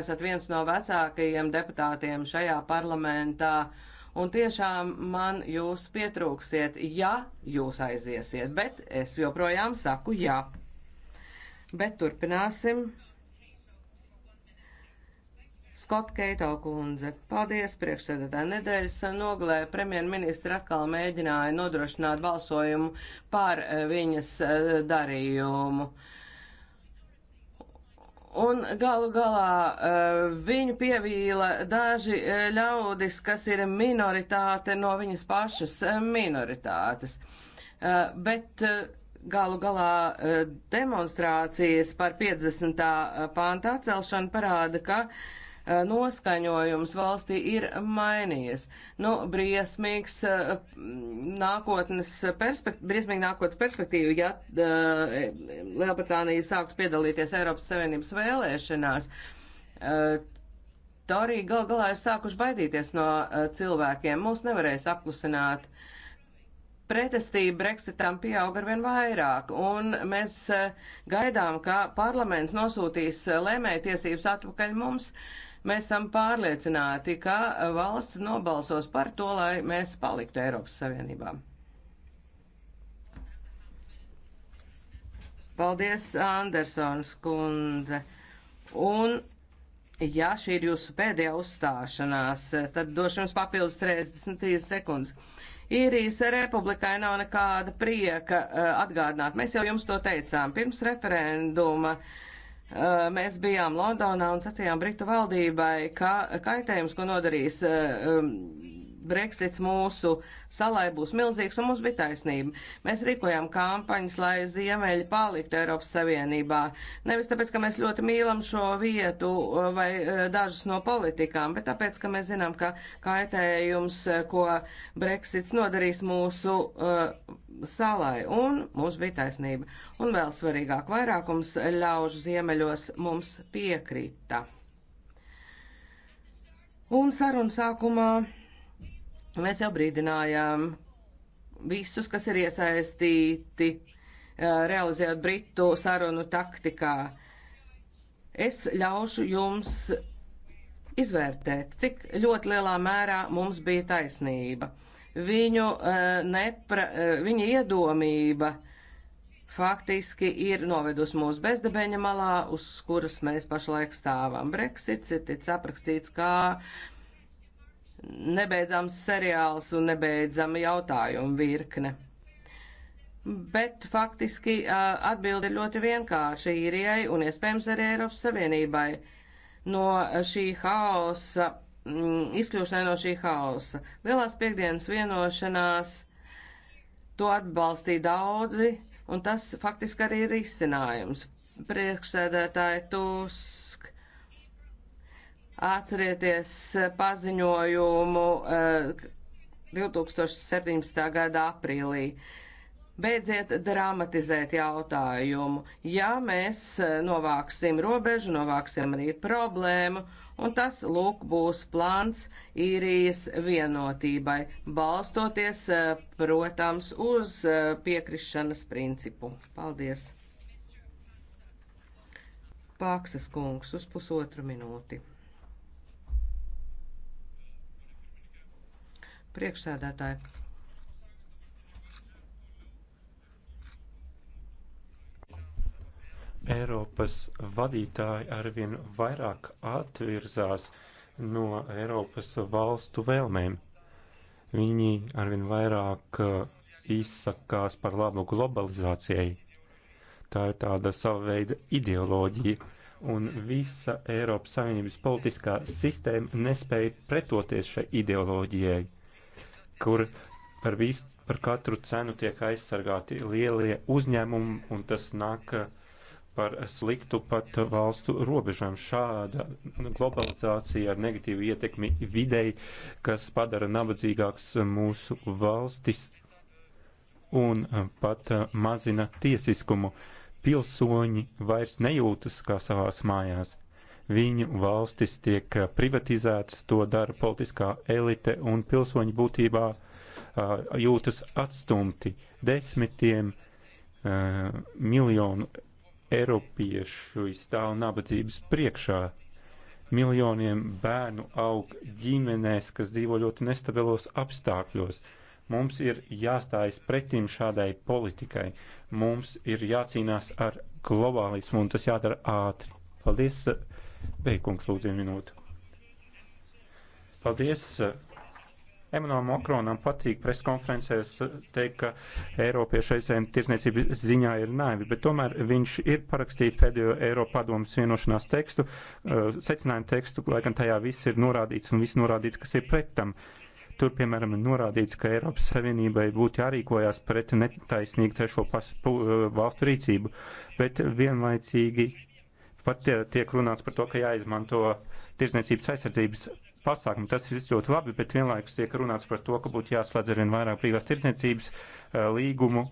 esat viens no vecākajiem deputātiem šajā parlamentā. Un tiešām man jūs pietrūksiet, ja jūs aiziesiet, bet es joprojām saku jā. Bet turpināsim. Skot Keito kundze, paldies priekšsēdētāji. Nedēļas nogalē premjerministra atkal mēģināja nodrošināt balsojumu par eh, viņas eh, darījumu. Uh, Un galu galā eh, viņu pievīla daži eh, ļaudis, kas ir minoritāte no viņas pašas eh, minoritātes. Bet galu galā demonstrācijas par 50. pānta atcelšanu parāda, ka Eh, noskaņojums valstī ir mainījies. Nu, briesmīgs eh, nākotnes perspekt, briesmīgi nākotnes perspektīva, ja eh, Lielbritānija sāktu piedalīties Eiropas Savienības vēlēšanās. Tā arī gal galā ir sākuši baidīties no cilvēkiem. Mūs nevarēs apklusināt pretestība Brexitam pieaug arvien vairāk, un mēs gaidām, ka parlaments nosūtīs lēmētiesības atpakaļ mums, Mēs esam pārliecināti, ka valsts nobalsos par to, lai mēs paliktu Eiropas Savienībā. Paldies, Andersons kundze. Un, ja šī ir jūsu pēdējā uzstāšanās, tad došu jums papildus 33 sekundes. Īrijas republikai nav nekāda prieka eh, atgādināt. Mēs jau jums to teicām pirms referenduma. Uh, Mēs bijām Londonā un sacījām Britu valdībai, ka kaitējums, ko nodarīs Brexits mūsu salai būs milzīgs, un mums bija taisnība. Mēs rīkojām kampaņas, lai ziemeļi paliktu Eiropas Savienībā. Nevis tāpēc, ka mēs ļoti mīlam šo vietu uh, vai uh, dažas no politikām, bet tāpēc, ka mēs zinām, ka kaitējums, uh, ko Brexits nodarīs mūsu uh, salai, un mums bija taisnība. Un vēl svarīgāk, vairākums ļaužu ziemeļos mums piekrita. Un sarunu sākumā Mēs jau brīdinājām visus, kas ir iesaistīti, realizējot Britu sarunu taktikā. Es ļaušu jums izvērtēt, cik ļoti lielā mērā mums bija taisnība. Viņu, nepra, viņa iedomība faktiski ir novedusi mūs bezdebeņa malā, uz kuras mēs pašlaik stāvam. Brexits ir tic aprakstīts kā nebeidzams seriāls un nebeidzama jautājuma virkne. Bet faktiski atbildi ir ļoti vienkārši īrijai un iespējams arī Eiropas Savienībai no šī haosa, mm, izkļūšanai no šī haosa. Lielās piekdienas vienošanās to atbalstīja daudzi, un tas faktiski arī ir izcinājums. Priekšsēdētāji Tūs Atcerieties paziņojumu 2017. Eh, gada aprīlī. Beidziet dramatizēt jautājumu. Ja mēs eh, novāksim robežu, novāksim arī problēmu, un tas, lūk, būs plāns īrijas vienotībai, balstoties, eh, protams, uz piekrišanas principu. Paldies! Pāksas kungs uz pusotru minūti. priekšsēdētāji. Eiropas vadītāji arvien vairāk atvirzās no Eiropas valstu vēlmēm. Viņi arvien vairāk uh, izsakās par labu globalizācijai. Tā ir tāda sava veida ideoloģija, un visa Eiropas Savienības politiskā sistēma nespēja pretoties šai ideoloģijai kur par, vis, par katru cenu tiek aizsargāti lielie uzņēmumi, un tas nāk eh, par sliktu pat valstu robežām. Šāda globalizācija ar negatīvu ietekmi videi, kas padara nabadzīgāks mūsu valstis un eh, pat eh, mazina tiesiskumu. Pilsoņi vairs nejūtas kā savās mājās viņu valstis tiek privatizētas, to dara politiskā elite un pilsoņi būtībā jūtas atstumti. Desmitiem miljonu eiropiešu stāv nabadzības priekšā. Miljoniem bērnu aug ģimenēs, kas dzīvo ļoti nestabilos apstākļos. Mums ir jāstājas pretim šādai politikai. Mums ir jācīnās ar globālismu, un tas jādara ātri. Paldies! Beigungs, lūdzu, minūte. Paldies! Emanuēlam Makronam patīk preskonferencēs teikt, ka Eiropiešu aizējuma tirsniecības ziņā ir naivi, bet tomēr viņš ir parakstījis pēdējo Eiropa padomus vienošanās tekstu, eh, secinājumu tekstu, lai gan tajā viss ir norādīts un viss norādīts, kas ir pret tam. Tur, piemēram, ir norādīts, ka Eiropas Savienībai būtu jārīkojās pret netaisnīgu trešo eh, valstu rīcību, bet vienlaicīgi Pat tiek runāts par to, ka jāizmanto tirzniecības aizsardzības pasākumi. Tas ir ļoti labi, bet vienlaikus tiek runāts par to, ka būtu jāslēdz arvien vairāk brīvās tirzniecības eh, līgumu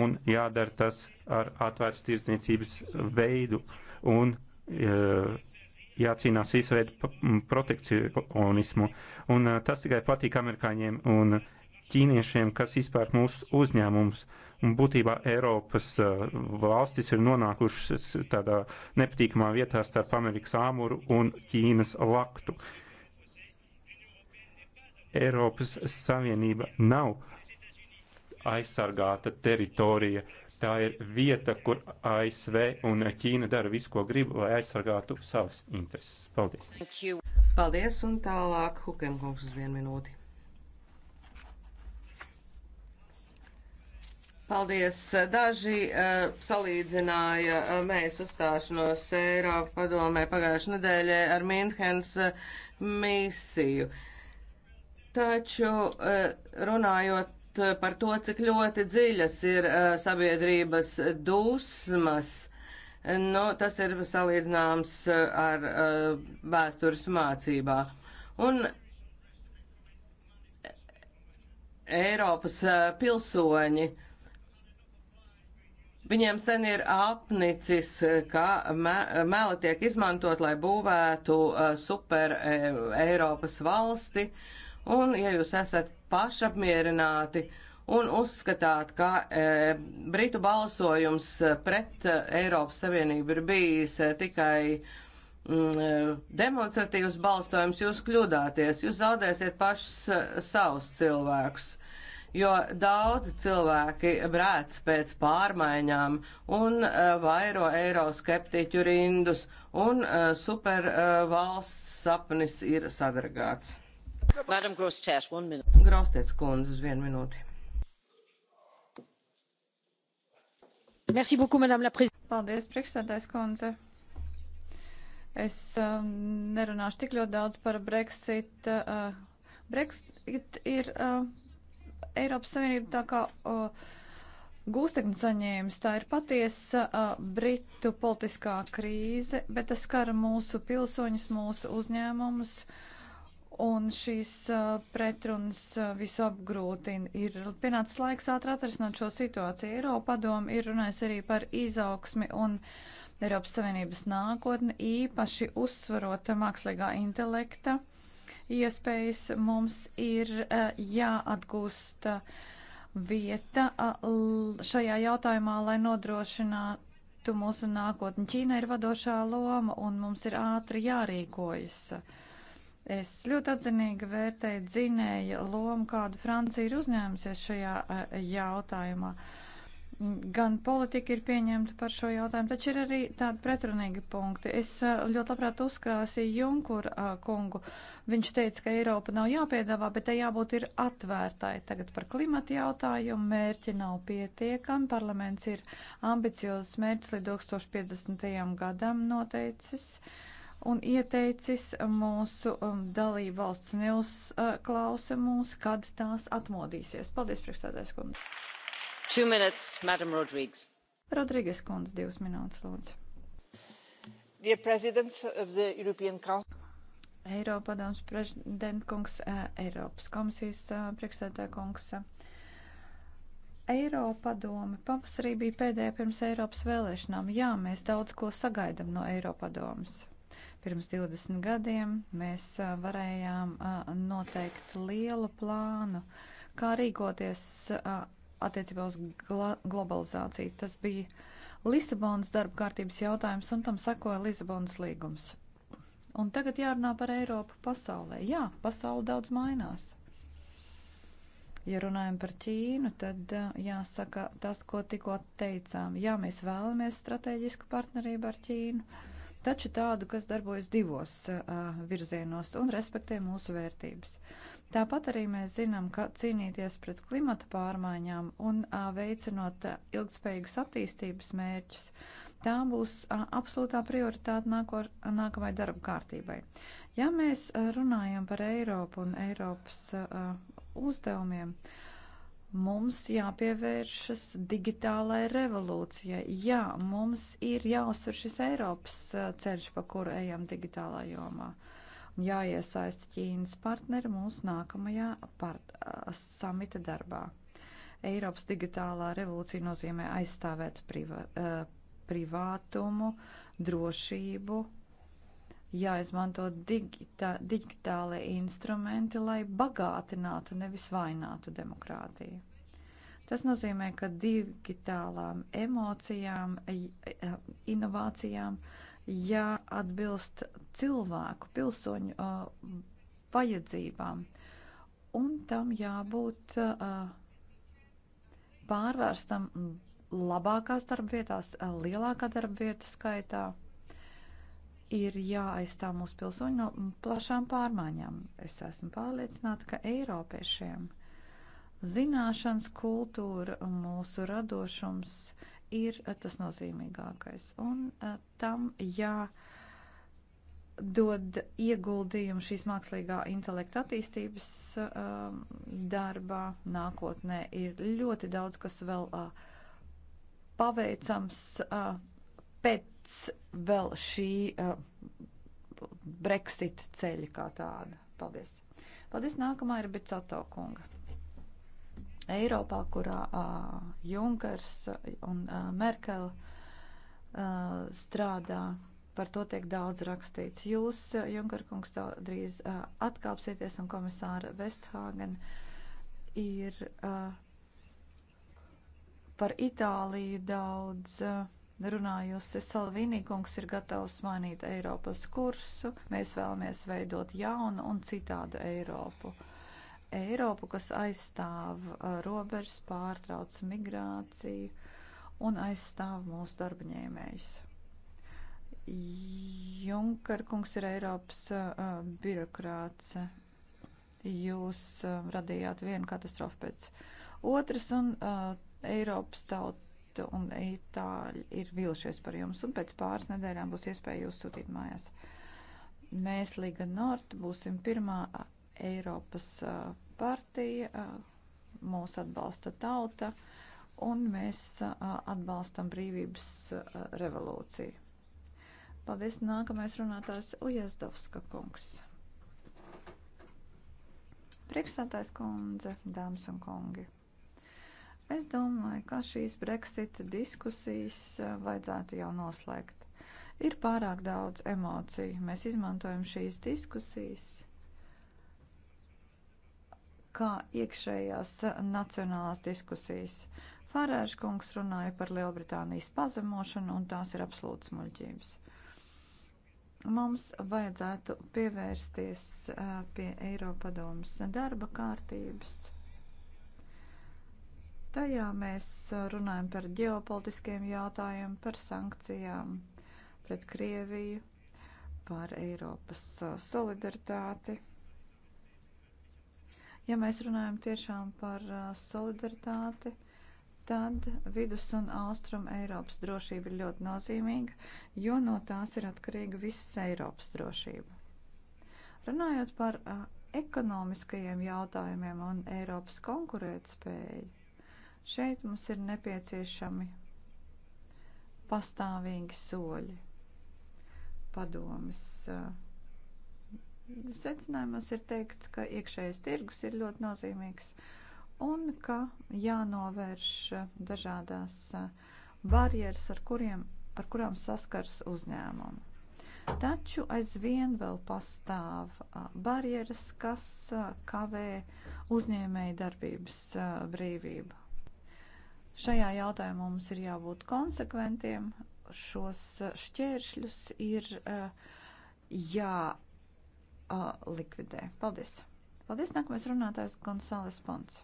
un jādara tas ar atvērts tirzniecības veidu un eh, jācīnās visu veidu protekcionismu. Un eh, tas tikai patīk amerikāņiem un ķīniešiem, kas izpērk mūsu uzņēmumus. Uh, Un būtībā Eiropas eh, valstis ir nonākušas tādā nepatīkamā vietā starp Amerikas āmuru un Ķīnas laktu. Eiropas Savienība nav aizsargāta teritorija. Tā ir vieta, kur ASV un Ķīna dara visu, ko grib, lai aizsargātu savas intereses. Paldies! Paldies, un tālāk Hukenkungs uz vienu minūti. Paldies. Daži uh, salīdzināja uh, mēs uzstāšanos Eiropa padomē pagājušajā nedēļā ar Minhenes uh, eh, misiju. Taču uh, runājot par to, cik ļoti dziļas ir uh, sabiedrības dusmas, nu, tas ir salīdzināms uh, ar uh, vēstures mācībā. Un Eiropas uh, pilsoņi uh, Viņiem sen ir apnicis, ka me, meli tiek izmantot, lai būvētu uh, super e, Eiropas valsti, un ja jūs esat pašapmierināti un uzskatāt, ka e, Britu balsojums pret e, Eiropas Savienību ir bijis tikai mm, demonstratīvs balstojums, jūs kļūdāties, jūs zaudēsiet pašus savus cilvēkus. Uh, jo daudzi cilvēki brēc pēc pārmaiņām un uh, vairo eiroskeptiķu rindus, un uh, e, supervalsts e, uh, sapnis ir sadragāts. Grostēts kundze uz vienu minūti. Merci beaucoup, madame la présidente. Paldies, priekšstādājs kundze. Es um, nerunāšu tik ļoti daudz par Brexit. Uh, Brexit ir. Uh, Eiropas Savienība tā kā uh, gūstekni saņēmis, tā ir patiesa uh, Britu politiskā krīze, bet tas skara mūsu pilsoņus, mūsu uzņēmumus. Un šīs uh, pretrunas uh, visu apgrūtina. Ir pienācis laiks ātri atrisināt šo situāciju. Eiropa padomu ir runājis arī par izaugsmi un Eiropas Savienības nākotni, īpaši uzsvarota mākslīgā intelekta uh, iespējas, mums ir eh, jāatgūst eh, vieta šajā jautājumā, lai nodrošinātu mūsu nākotni. Ķīna ir vadošā loma un mums ir ātri jārīkojas. Es ļoti atzinīgi vērtēju dzinēja lomu, kādu Francija ir uzņēmusies šajā eh, jautājumā. Uh, gan politika ir pieņemta par šo jautājumu, taču ir arī tādi pretrunīgi punkti. Es ļoti labprāt uzkrāsīju Junkura kungu. Viņš teica, ka Eiropa nav jāpiedāvā, bet te jābūt ir atvērtai. Tagad par klimata jautājumu mērķi nav pietiekami. Parlaments ir ambiciozs mērķis līdz 2050. gadam noteicis un ieteicis mūsu um, dalību valsts Nils uh, klausa mūs, kad tās atmodīsies. Paldies, priekšstādājs kundze! Minutes, Rodrīgas kundze, divas minūtes, lūdzu. Eiropadoms prezidentkungs, Eiropas komisijas priekšsēdētājkungs. Eiropadome pavasarī bija pēdējā pirms Eiropas vēlēšanām. Jā, mēs daudz ko sagaidām no Eiropadomas. Pirms 20 gadiem mēs varējām noteikt lielu plānu, kā rīkoties attiecībā uz globalizāciju. Tas bija Lisabonas darba kārtības jautājums, un tam sekoja Lisabonas līgums. Un tagad jārunā par Eiropu pasaulē. Jā, pasaule daudz mainās. Ja runājam par Ķīnu, tad uh, jāsaka tas, ko tikko teicām. Jā, mēs vēlamies strateģisku partnerību ar Ķīnu, taču tādu, kas darbojas divos uh, virzienos un respektē mūsu vērtības. Uh, Tāpat arī mēs zinām, ka cīnīties pret klimata pārmaiņām un a, veicinot a, ilgspējīgus attīstības mērķus, tā būs a, absolūtā prioritāte nāko, nākamai darba kārtībai. Ja mēs a, runājam par Eiropu un Eiropas a, uzdevumiem, Mums jāpievēršas digitālajai revolūcijai. Jā, mums ir jāuzsver šis Eiropas ceļš, pa kuru ejam digitālā jomā. Uh, jāiesaista Ķīnas partneri mūsu nākamajā par, uh, samita darbā. Eiropas digitālā revolūcija nozīmē aizstāvēt privā, uh, privātumu, drošību, jāizmanto digita, digitālie instrumenti, lai bagātinātu, nevis vainātu demokrātiju. Tas nozīmē, ka digitālām emocijām, inovācijām uh, jāatbilst cilvēku, pilsoņu uh, vajadzībām. Un tam jābūt uh, pārvērstam labākās darbvietās, uh, lielākā darbvietu skaitā. Ir jāaizstāv mūsu pilsoņi no plašām pārmaiņām. Es esmu pārliecināta, ka Eiropiešiem zināšanas, kultūra un mūsu radošums uh, ir eh, tas nozīmīgākais. Un eh, tam jādod ieguldījumu šīs mākslīgā intelekta attīstības eh, darbā nākotnē. Ir ļoti daudz, kas vēl paveicams pēc vēl šī Brexit ceļa kā tāda. Paldies! Paldies! Nākamā ir Bicato kunga. Eiropā, kurā uh, Junkers un uh, Merkel uh, strādā. Par to tiek daudz rakstīts. Jūs, Junkerkungs, drīz uh, atkāpsieties un komisāra Vesthāgen ir uh, par Itāliju daudz uh, runājusi. Salvini kungs ir gatavs mainīt Eiropas kursu. Mēs vēlamies veidot jaunu un citādu Eiropu. Uh, Eiropu, kas aizstāv uh, robežas, pārtrauc migrāciju un aizstāv mūsu darbaņēmējus. Junker kungs ir Eiropas uh, uh, birokrāts. Jūs uh, radījāt vienu katastrofu pēc otras, un uh, Eiropas tauta un itāļi ir vilšies par jums, un pēc pāris nedēļām būs iespēja jūs sūtīt mājās. Mēs, Liga Nord, būsim pirmā Eiropas partija, mūs atbalsta tauta un mēs atbalstam brīvības revolūciju. Paldies, nākamais runātājs Ujazdovska kungs. Priekšstādājs kundze, dāmas un kungi. Es domāju, ka šīs Brexit diskusijas vajadzētu jau noslēgt. Ir pārāk daudz emociju. Mēs izmantojam šīs diskusijas kā iekšējās nacionālās diskusijas. Farāža kungs runāja par Lielbritānijas pazemošanu, un tās ir absolūts muļķības. Mums vajadzētu pievērsties pie Eiropadomas darba kārtības. Tajā mēs runājam par ģeopolitiskiem jautājumiem, par sankcijām pret Krieviju, par Eiropas solidaritāti. Ja mēs runājam tiešām par uh, solidaritāti, tad vidus un austrum Eiropas drošība ir ļoti nozīmīga, jo no tās ir atkarīga visas Eiropas drošība. Runājot par uh, ekonomiskajiem jautājumiem un Eiropas konkurētspēju, šeit mums ir nepieciešami pastāvīgi soļi padomis. Uh, Secinājumos ir teikts, ka iekšējais tirgus ir ļoti nozīmīgs un ka jānovērš dažādās uh, barjeras, ar, kuriem, ar kurām saskars uzņēmumu. Taču aizvien vēl pastāv uh, barjeras, kas uh, kavē uzņēmēju darbības brīvību. Šajā jautājumā mums ir jābūt konsekventiem, šos šķēršļus ir jā uh, likvidē. Paldies! Paldies! Nākamais runātājs Gonzales Pons.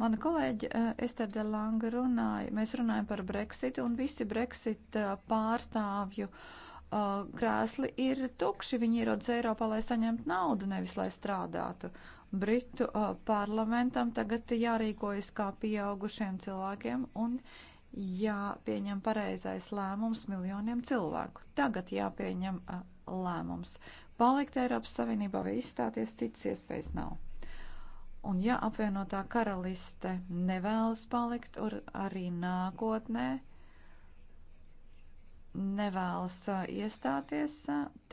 Mana kolēģa uh, Ester de Langa runāja, mēs runājam par Brexitu un visi Brexit uh, pārstāvju uh, krēsli ir tukši. Viņi ierodas Eiropā, lai saņemtu naudu, nevis lai strādātu. Britu parlamentam tagad jārīkojas kā pieaugušiem cilvēkiem un jāpieņem pareizais lēmums miljoniem cilvēku. Tagad jāpieņem lēmums palikt Eiropas Savienībā vai izstāties, citas iespējas nav. Un ja apvienotā karaliste nevēlas palikt arī nākotnē, nevēlas iestāties,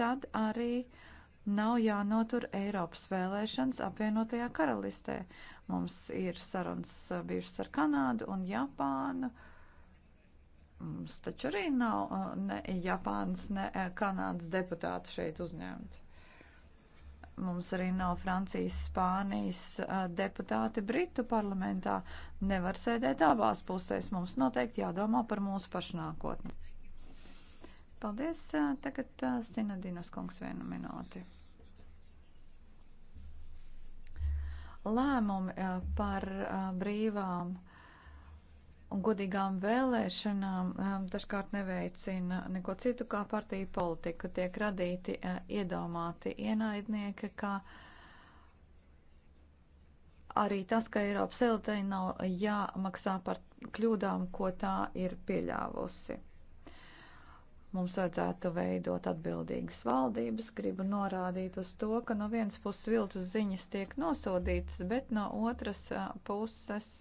tad arī nav jānotur Eiropas vēlēšanas apvienotajā karalistē. Mums ir sarunas bijušas ar Kanādu un Japānu. Uh, Mums taču arī nav uh, ne Japānas, ne uh, Kanādas deputāti šeit uzņemti. Mums arī nav Francijas, Spānijas uh, deputāti Britu parlamentā. Nevar sēdēt abās pusēs. Mums noteikti jādomā par mūsu pašu nākotni. Paldies. Tagad Sinadinas kungs vienu minūti. Lēmumi par brīvām un godīgām vēlēšanām um, dažkārt neveicina neko citu kā partiju politiku. Tiek radīti uh, iedomāti ienaidnieki, kā arī tas, ka Eiropas elitei nav jāmaksā par kļūdām, ko tā ir pieļāvusi. Mums vajadzētu veidot atbildīgas valdības, gribu norādīt uz to, ka no vienas puses viltus ziņas tiek nosodītas, bet no otras uh, puses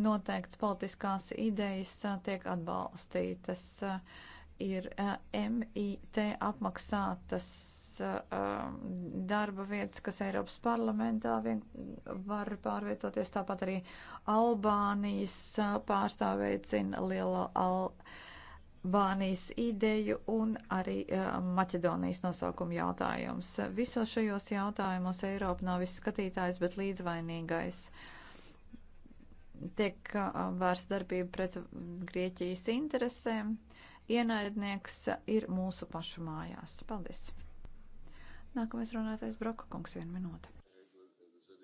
noteikts politiskās idejas tiek atbalstītas. Ir MIT apmaksātas darba vietas, kas Eiropas parlamentā vien var pārvietoties. Tāpat arī Albānijas pārstāvēcina liela Albānijas ideju un arī Maķedonijas nosaukuma jautājums. Visos šajos jautājumos Eiropa nav visskatītājs, bet līdzvainīgais. Uh, tiek uh, vērsta darbība pret Grieķijas interesēm. Ienaidnieks uh, ir mūsu pašu mājās. Paldies! Nākamais runātais Broka kungs vienu minūti.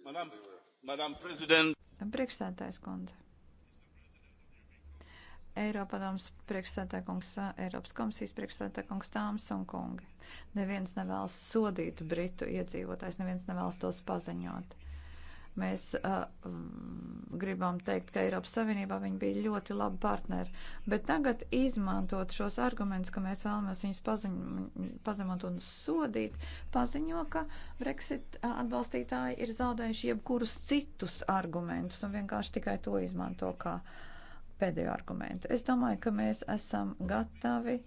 Madam, madam prezident. Priekšsētājs kundze. Eiropadoms priekšsētāja kungs, uh, Eiropas komisijas priekšsētāja kungs Tāms un kungi. Neviens nevēlas sodīt Britu iedzīvotājs, neviens nevēlas tos paziņot Mēs uh, mm, gribam teikt, ka Eiropas Savienībā viņi bija ļoti labi partneri, bet tagad izmantot šos argumentus, ka mēs vēlamies viņus paziņ, pazemot un sodīt, paziņo, ka Brexit uh, atbalstītāji ir zaudējuši jebkurus citus argumentus un vienkārši tikai to izmanto kā pēdējo argumentu. Es domāju, ka mēs esam gatavi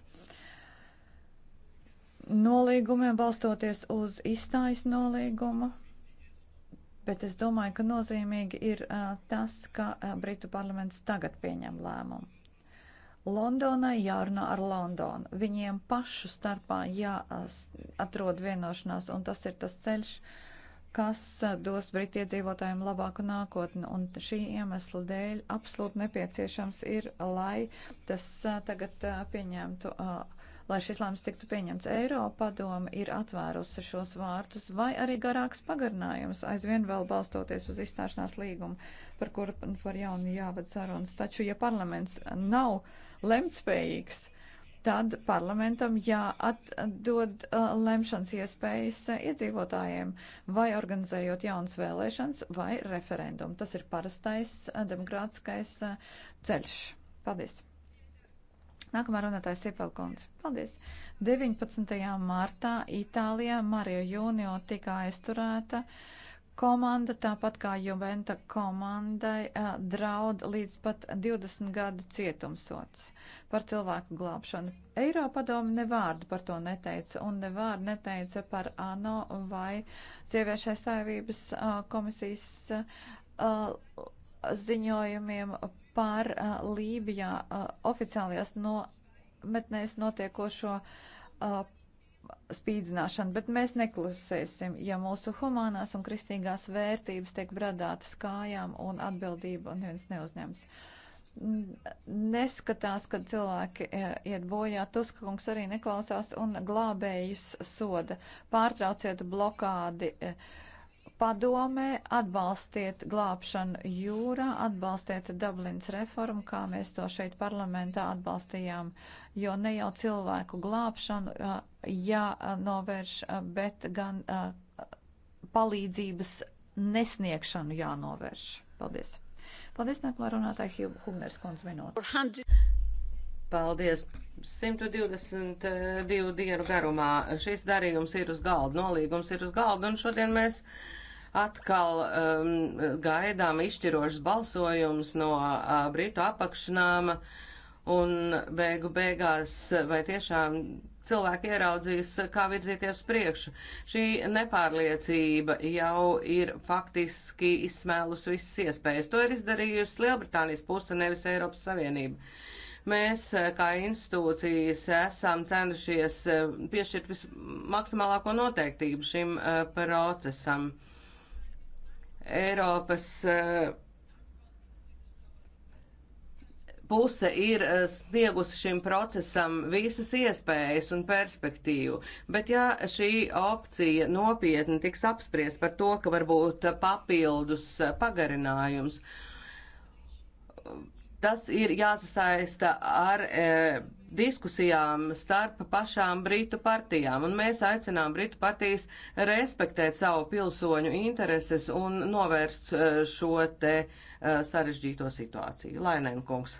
nolīgumiem balstoties uz izstājas nolīgumu bet es domāju, ka nozīmīgi ir tas, ka Britu parlaments tagad pieņem lēmumu. Londonai jārunā ar Londonu. Viņiem pašu starpā jāatrod vienošanās, un tas ir tas ceļš, kas dos Britu iedzīvotājiem labāku nākotni. Un šī iemesla dēļ absolūti nepieciešams ir, lai tas tagad pieņemtu. Uh, lai šis lēmums tiktu pieņemts. Eiropadoma ir atvērusi šos vārtus vai arī garāks pagarinājums, aizvien vēl balstoties uz izstāšanās līgumu, par kuru par jaunu jāved sarunas. Taču, ja parlaments nav lemtspējīgs, tad parlamentam jāatdod uh, lemšanas iespējas uh, iedzīvotājiem, vai organizējot jaunas vēlēšanas vai referendumu. Tas ir parastais uh, demokrātiskais uh, ceļš. Paldies! Nākamā runātājs Sipelkons. Paldies. 19. martā Itālijā Mario Junio tika aizturēta. Komanda, tāpat kā Juventa komandai, draud līdz pat 20 gadu cietumsots par cilvēku glābšanu. Eiropadomu ne vārdu par to neteica un ne vārdu neteica par ANO vai sieviešu aizstāvības komisijas ziņojumiem par uh, Lībijā uh, oficiālajās nometnēs notiekošo uh, spīdzināšanu, bet mēs neklusēsim, ja mūsu humānās un kristīgās vērtības tiek bradātas kājām un atbildību neviens neuzņems. Neskatās, kad cilvēki e, iet bojā, Tuska kungs arī neklausās un glābējus soda. Pārtrauciet blokādi. Uh, padomē, atbalstiet glābšanu jūrā, atbalstiet Dublins reformu, kā mēs to šeit parlamentā atbalstījām, jo ne jau cilvēku glābšanu jānovērš, bet gan palīdzības nesniegšanu jānovērš. Paldies! Paldies, nākamā runātāja Hubners kundze minūte. Paldies! 122 dienu garumā šis darījums ir uz galda, nolīgums ir uz galda, un šodien mēs uh, atkal um, gaidām izšķirošs balsojums no uh, Britu apakšnāma un beigu beigās vai tiešām cilvēki ieraudzīs, kā virzīties priekšu. Šī nepārliecība jau ir faktiski izsmēlus visas iespējas. To ir izdarījusi Lielbritānijas puse, nevis Eiropas Savienība. Mēs, eh, kā institūcijas, esam centušies eh, piešķirt vismaksimālāko noteiktību šim eh, procesam. Uh, Eiropas eh, puse ir eh, sniegusi šim procesam visas iespējas un perspektīvu, bet ja šī opcija nopietni tiks apspriest par to, ka varbūt papildus eh, pagarinājums, tas ir jāsasaista ar. E, diskusijām starp pašām Britu partijām, un mēs aicinām Britu partijas respektēt savu pilsoņu intereses un novērst eh, šo te eh, sarežģīto situāciju. Lainēnkungs.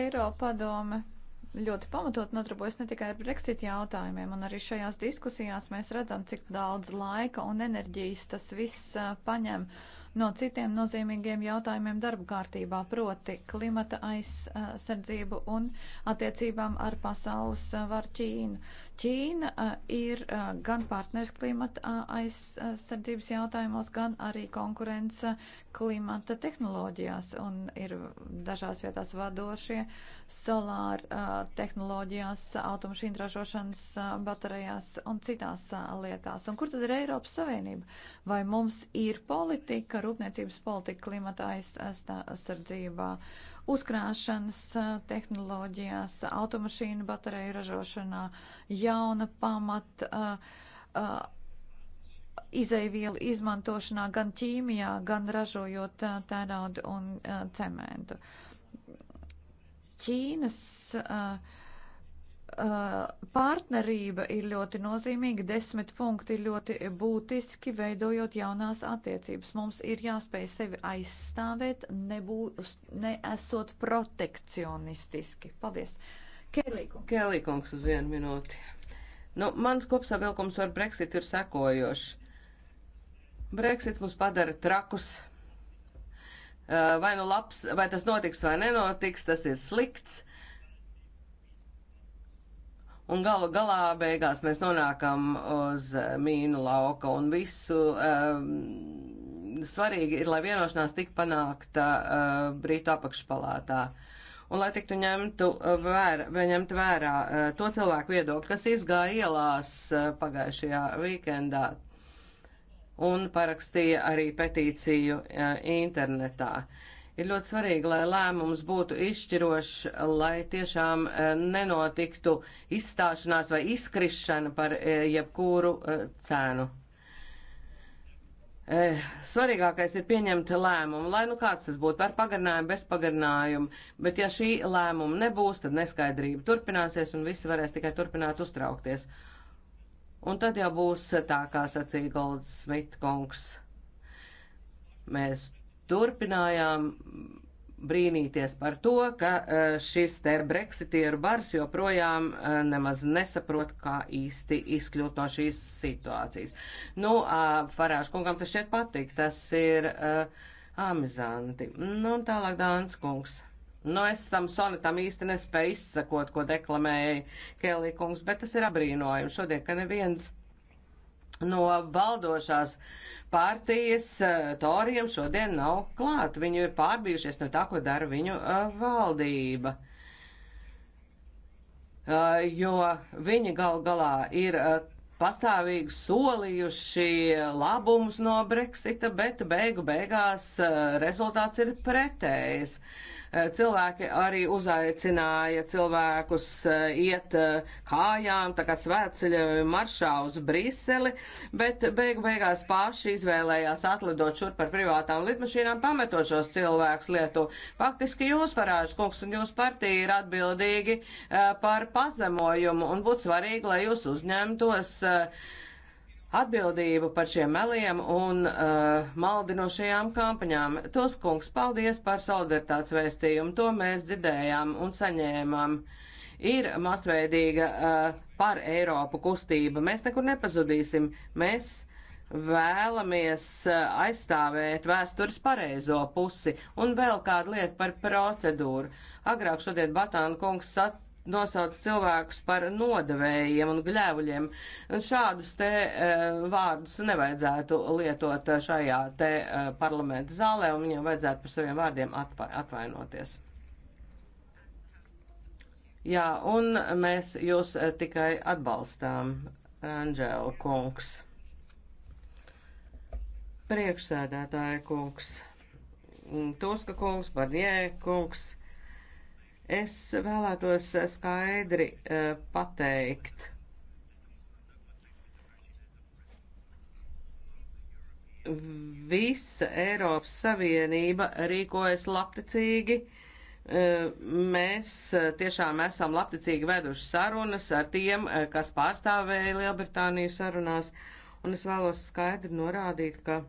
Eiropadome ļoti pamatot nodarbojas ne tikai ar Brexit jautājumiem, un arī šajās diskusijās mēs redzam, cik daudz laika un enerģijas tas viss eh, paņem. Uh, no citiem nozīmīgiem jautājumiem darba kārtībā, proti klimata aizsardzību un attiecībām ar pasaules varu Ķīnu. Ķīna ir gan partners klimata aizsardzības jautājumos, gan arī konkurence klimata tehnoloģijās un ir dažās vietās vadošie solāra tehnoloģijās, automašīnu ražošanas baterijās un citās lietās. Un kur tad ir Eiropas Savienība? Vai mums ir politika, rūpniecības politika klimata aizsardzībā? Aizs uzkrāšanas tehnoloģijās, automašīnu bateriju ražošanā, jauna pamata uh, uh, izaivielu izmantošanā gan ķīmijā, gan ražojot uh, tēraudu un cementu. Ķīnas uh, partnerība ir ļoti nozīmīga, desmit punkti ir ļoti būtiski, veidojot jaunās attiecības. Mums ir jāspēj sevi aizstāvēt, nebūs, neesot protekcionistiski. Paldies! Kēlīkungs uz vienu minūti. Nu, mans kopsavilkums ar Brexit ir sekojošs. Brexit mums padara trakus. Vai nu labs, vai tas notiks vai nenotiks, tas ir slikts Un galu galā beigās mēs nonākam uz eh, mīnu lauka un visu um, svarīgi ir, lai vienošanās tik panākta uh, Brītu apakšpalātā. Un lai tiktu ņemtu vēra, ņemt vērā uh, to cilvēku viedokli, kas izgāja ielās uh, pagājušajā weekendā un parakstīja arī petīciju uh, internetā. Uh, Ir ļoti svarīgi, lai lēmums būtu izšķirošs, lai tiešām e, nenotiktu izstāšanās vai izkrišana par e, jebkuru e, cenu. Svarīgākais ir pieņemt lēmumu, lai nu kāds tas būtu par pagarinājumu, bez pagarinājumu, bet ja šī lēmuma nebūs, tad neskaidrība turpināsies un visi varēs tikai turpināt uztraukties. Un tad jau būs tā, kā sacīja Golds Smith kungs. Mēs turpinājām brīnīties par to, ka e, šis te breksitieru bars joprojām e, nemaz nesaprot, kā īsti izkļūt no šīs situācijas. Nu, Farāšu kungam tas šķiet patīk, tas ir e, amizanti. Nu, un tālāk Dāns kungs. Nu, es tam sonetam īsti nespēju izsakot, ko deklamēja Kēlī kungs, bet tas ir abrīnojums šodien, ka neviens no valdošās partijas eh, toriem šodien nav klāt. Viņi ir pārbījušies no tā, ko dara viņu eh, valdība. Eh, jo viņi gal galā ir pastāvīgi solījuši labumus no Brexita, bet beigu beigās rezultāts ir pretējs. Eh, cilvēki arī uzaicināja cilvēkus eh, iet eh, kājām, tā kā svētceļa maršā uz Briseli, bet beigu beigās paši izvēlējās atlidot šur par privātām lidmašīnām pametošos cilvēkus lietu. Faktiski jūs, Farāžs kungs, un jūs partija ir atbildīgi par pazemojumu un būtu svarīgi, lai jūs uzņemtos uh, atbildību par šiem meliem un uh, eh, maldinošajām kampaņām. Tos kungs, paldies par solidaritātes vēstījumu, to mēs dzirdējām un saņēmām. Ir masveidīga uh, par Eiropu kustība, mēs nekur nepazudīsim, mēs vēlamies uh, aizstāvēt vēstures pareizo pusi. Un vēl kāda lieta par procedūru. Agrāk šodien Batāna kungs sac, nosauc cilvēkus par nodevējiem un gļēvuļiem. Un šādus te uh, vārdus nevajadzētu lietot šajā te uh, parlamenta zālē, un viņiem vajadzētu par saviem vārdiem atpa, atvainoties. Jā, un mēs jūs uh, tikai atbalstām, Anģēla kungs. Priekšsēdētāja kungs, Tuska kungs, Barjē kungs Es vēlētos skaidri eh, pateikt. Visa Eiropas Savienība rīkojas labticīgi. Eh, mēs eh, tiešām esam labticīgi veduši sarunas ar tiem, kas pārstāvēja Lielbritāniju sarunās, un es vēlos skaidri norādīt, ka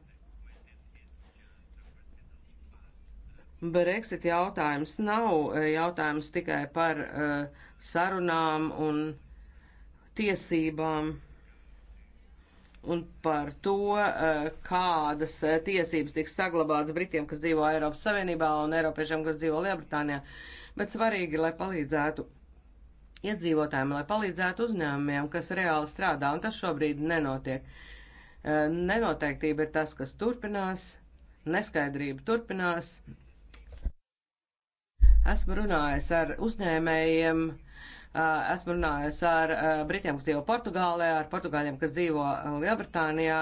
Brexit jautājums nav eh, jautājums tikai par uh, sarunām un tiesībām un par to, uh, kādas tiesības tiks saglabātas Britiem, kas dzīvo Eiropas Savienībā un Eiropiešiem, kas dzīvo Lielbritānijā, bet svarīgi, lai palīdzētu iedzīvotājiem, lai palīdzētu uzņēmumiem, kas reāli strādā, un tas šobrīd nenotiek. Uh, nenoteiktība ir tas, kas turpinās, neskaidrība turpinās, Esmu runājis ar uzņēmējiem, esmu runājis ar Britiem, kas dzīvo Portugālē, ar Portugāļiem, kas dzīvo Lielbritānijā,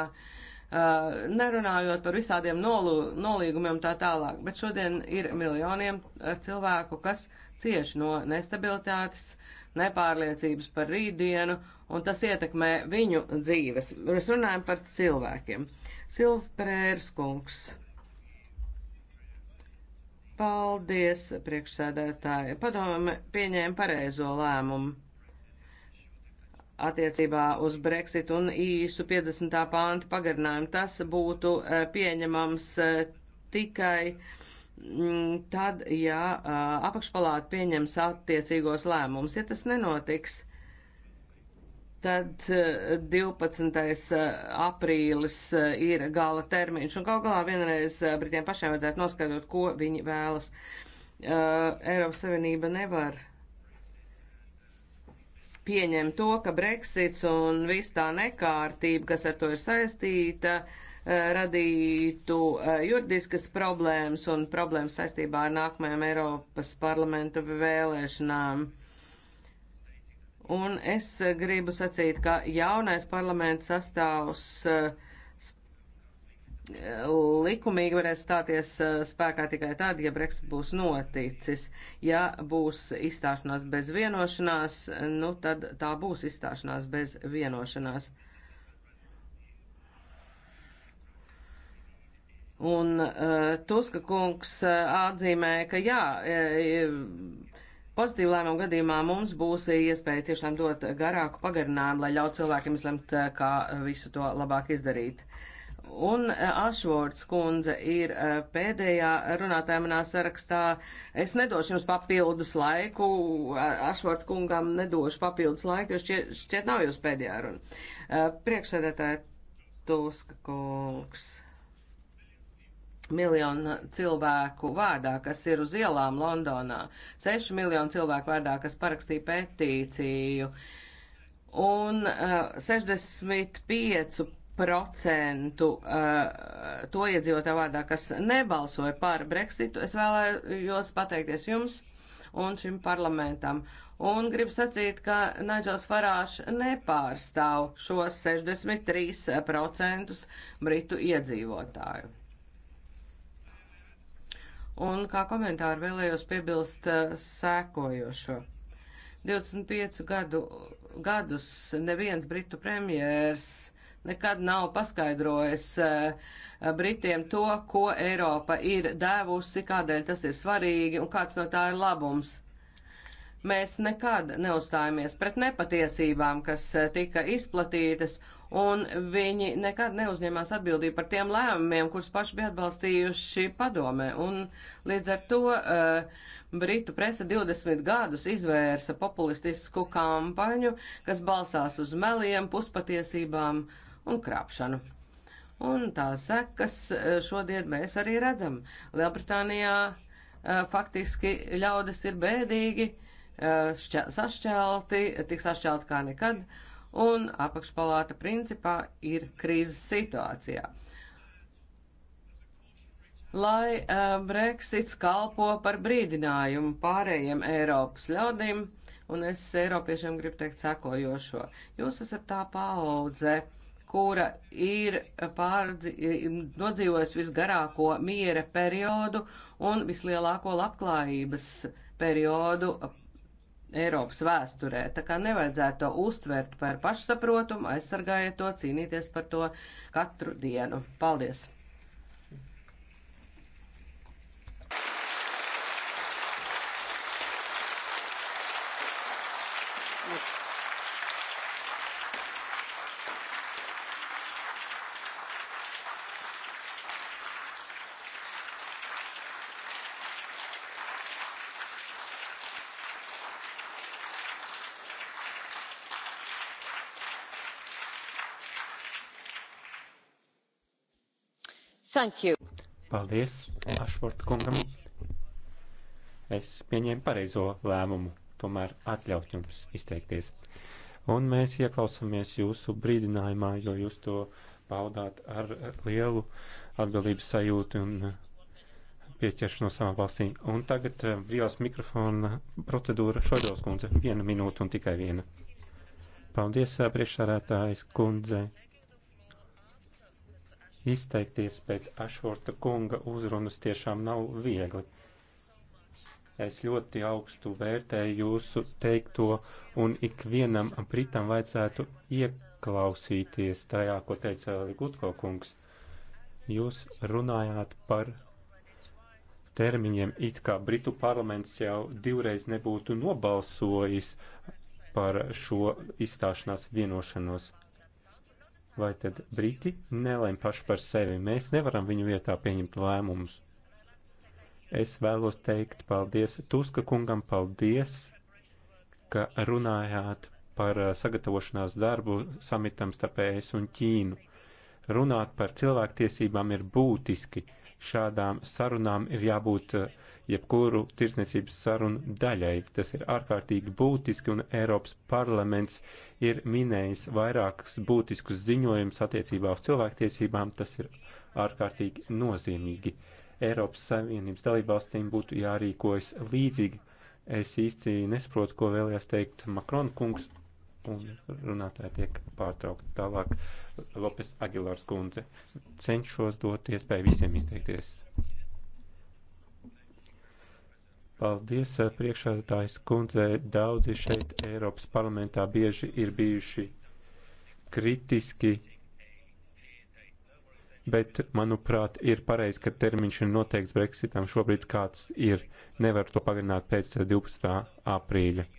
nerunājot par visādiem nolu, nolīgumiem tā tālāk, bet šodien ir miljoniem cilvēku, kas cieši no nestabilitātes, nepārliecības par rītdienu, un tas ietekmē viņu dzīves. Mēs runājam par cilvēkiem. Silvprērs kungs. Paldies, priekšsēdētāji. Padome pieņēma pareizo lēmumu attiecībā uz Brexit un īsu 50. pānta pagarinājumu. Tas būtu eh, pieņemams eh, tikai mm, tad, ja eh, apakšpalāta pieņems attiecīgos lēmumus. Ja tas nenotiks, kad 12. Eh, eh, aprīlis eh, ir gala termiņš. Un gal galā vienreiz Britiem pašiem vajadzētu noskaidrot, ko viņi vēlas. Uh, Eiropas Savienība nevar pieņemt to, ka Brexits un viss tā nekārtība, kas ar to ir saistīta, uh, radītu uh, juridiskas problēmas un problēmas saistībā ar nākamajām Eiropas parlamenta vēlēšanām. Uh, Un es gribu sacīt, ka jaunais parlaments sastāvs eh, likumīgi varēs stāties eh, spēkā tikai tad, ja Brexit būs noticis. Ja būs izstāšanās bez vienošanās, nu tad tā būs izstāšanās bez vienošanās. Un uh, Tuska kungs uh, atzīmē, ka jā, uh, Pozitīvu lēmumu gadījumā mums būs iespēja tiešām dot garāku pagarinājumu, lai ļautu cilvēkiem izlemt, eh, kā eh, visu to labāk izdarīt. Un eh, Ašvorts kundze ir pēdējā runātāja manā sarakstā. Es nedošu jums papildus laiku, Ašvort kungam nedošu papildus laiku, jo šķiet, šķiet nav jūs pēdējā runa. Priekšsēdētāja Tuska kungs miljonu cilvēku vārdā, kas ir uz ielām Londonā, 6 miljonu cilvēku vārdā, kas parakstīja petīciju, un uh, 65 procentu uh, to iedzīvotāju vārdā, kas nebalsoja par Brexitu, es vēlējos pateikties jums un šim parlamentam. Un gribu sacīt, ka Naģels Farāšs nepārstāv šos 63% britu iedzīvotāju. Un kā komentāru vēlējos piebilst eh, sēkojošo. 25 gadu, gadus neviens britu premjērs nekad nav paskaidrojis eh, Britiem to, ko Eiropa ir devusi, kādēļ tas ir svarīgi un kāds no tā ir labums. Mēs nekad neuzstājāmies pret nepatiesībām, kas eh, tika izplatītas, un viņi nekad neuzņēmās atbildību par tiem lēmumiem, kurus paši bija atbalstījuši padomē. Un līdz ar to uh, Britu presa 20 gadus izvērsa populistisku kampaņu, kas balsās uz meliem, puspatiesībām un krāpšanu. Un tā sekas eh, šodien mēs arī redzam. Lielbritānijā uh, faktiski ļaudas ir bēdīgi Eh, šķel, sašķelti, tik sašķelti kā nekad, un apakšpalāta principā ir krīzes situācijā. Lai eh, Brexits kalpo par brīdinājumu pārējiem Eiropas ļaudīm, un es Eiropiešiem gribu teikt sekojošo. Jūs esat tā paudze, kura ir pārdzi, nodzīvojusi visgarāko miera periodu un vislielāko labklājības periodu Eiropas vēsturē. Tā kā nevajadzētu to uztvert par pašsaprotumu, aizsargājiet to, cīnīties par to katru dienu. Paldies! Thank you. Paldies Ašvort kungam. Es pieņēmu pareizo lēmumu, tomēr atļaut jums izteikties. Un mēs ieklausāmies jūsu brīdinājumā, jo jūs to paudāt ar lielu atbildības sajūtu un pieķeršanos savām valstīm. Un tagad eh, brīvās mikrofona procedūra Šoļos kundze. Viena minūte un tikai viena. Paldies, eh, priekšsārētājs kundze. Izteikties pēc Ašvorta kunga uzrunas tiešām nav viegli. Es ļoti augstu vērtēju jūsu teikto, un ikvienam Britam vajadzētu ieklausīties tajā, ko teica Ligutko kungs. Jūs runājāt par termiņiem, it kā Britu parlaments jau divreiz nebūtu nobalsojis par šo izstāšanās vienošanos. Vai tad Briti nelēm paši par sevi? Mēs nevaram viņu vietā pieņemt lēmumus. Es vēlos teikt paldies Tuska kungam, paldies, ka runājāt par sagatavošanās darbu samitam starp ES un Ķīnu runāt par cilvēktiesībām ir būtiski, Šādām sarunām ir jābūt eh, jebkuru tirsniecības sarunu daļai. Tas ir ārkārtīgi būtiski, un Eiropas parlaments ir minējis vairākus būtiskus ziņojumus attiecībā uz cilvēktiesībām. Tas ir ārkārtīgi nozīmīgi. Eiropas Savienības dalībvalstīm būtu jārīkojas līdzīgi. Es īsti nesaprotu, ko vēlējās teikt Makrona kungs, un runātāji tiek pārtraukti tālāk. Lopes Agilārs kundze. Cenšos dot iespēju visiem izteikties. Paldies, eh, priekšādātājs kundze. Daudzi šeit Eiropas parlamentā bieži ir bijuši kritiski, bet, manuprāt, ir pareizi, ka termiņš ir noteikts Brexitam šobrīd kāds ir. Nevar to pagarināt pēc 12. Eh, aprīļa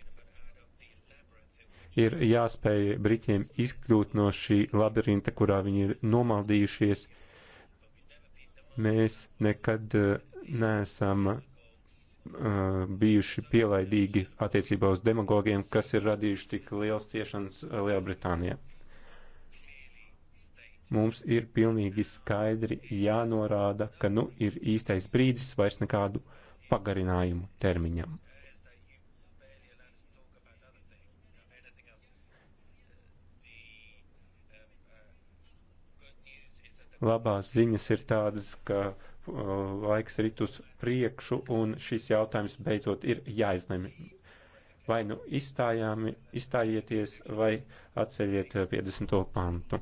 ir jāspēj Briķiem izkļūt no šī labirinta, kurā viņi ir nomaldījušies. Mēs nekad eh, neesam eh, bijuši pielaidīgi attiecībā uz demagogiem, kas ir radījuši tik liels ciešanas eh, Lielbritānijā. Mums ir pilnīgi skaidri jānorāda, ka nu ir īstais brīdis vairs nekādu pagarinājumu termiņam. Labās ziņas ir tādas, ka uh, laiks rit uz priekšu un šis jautājums beidzot ir jāizlemj. Vai nu izstājieties, vai atceļiet 50. Uh, pantu.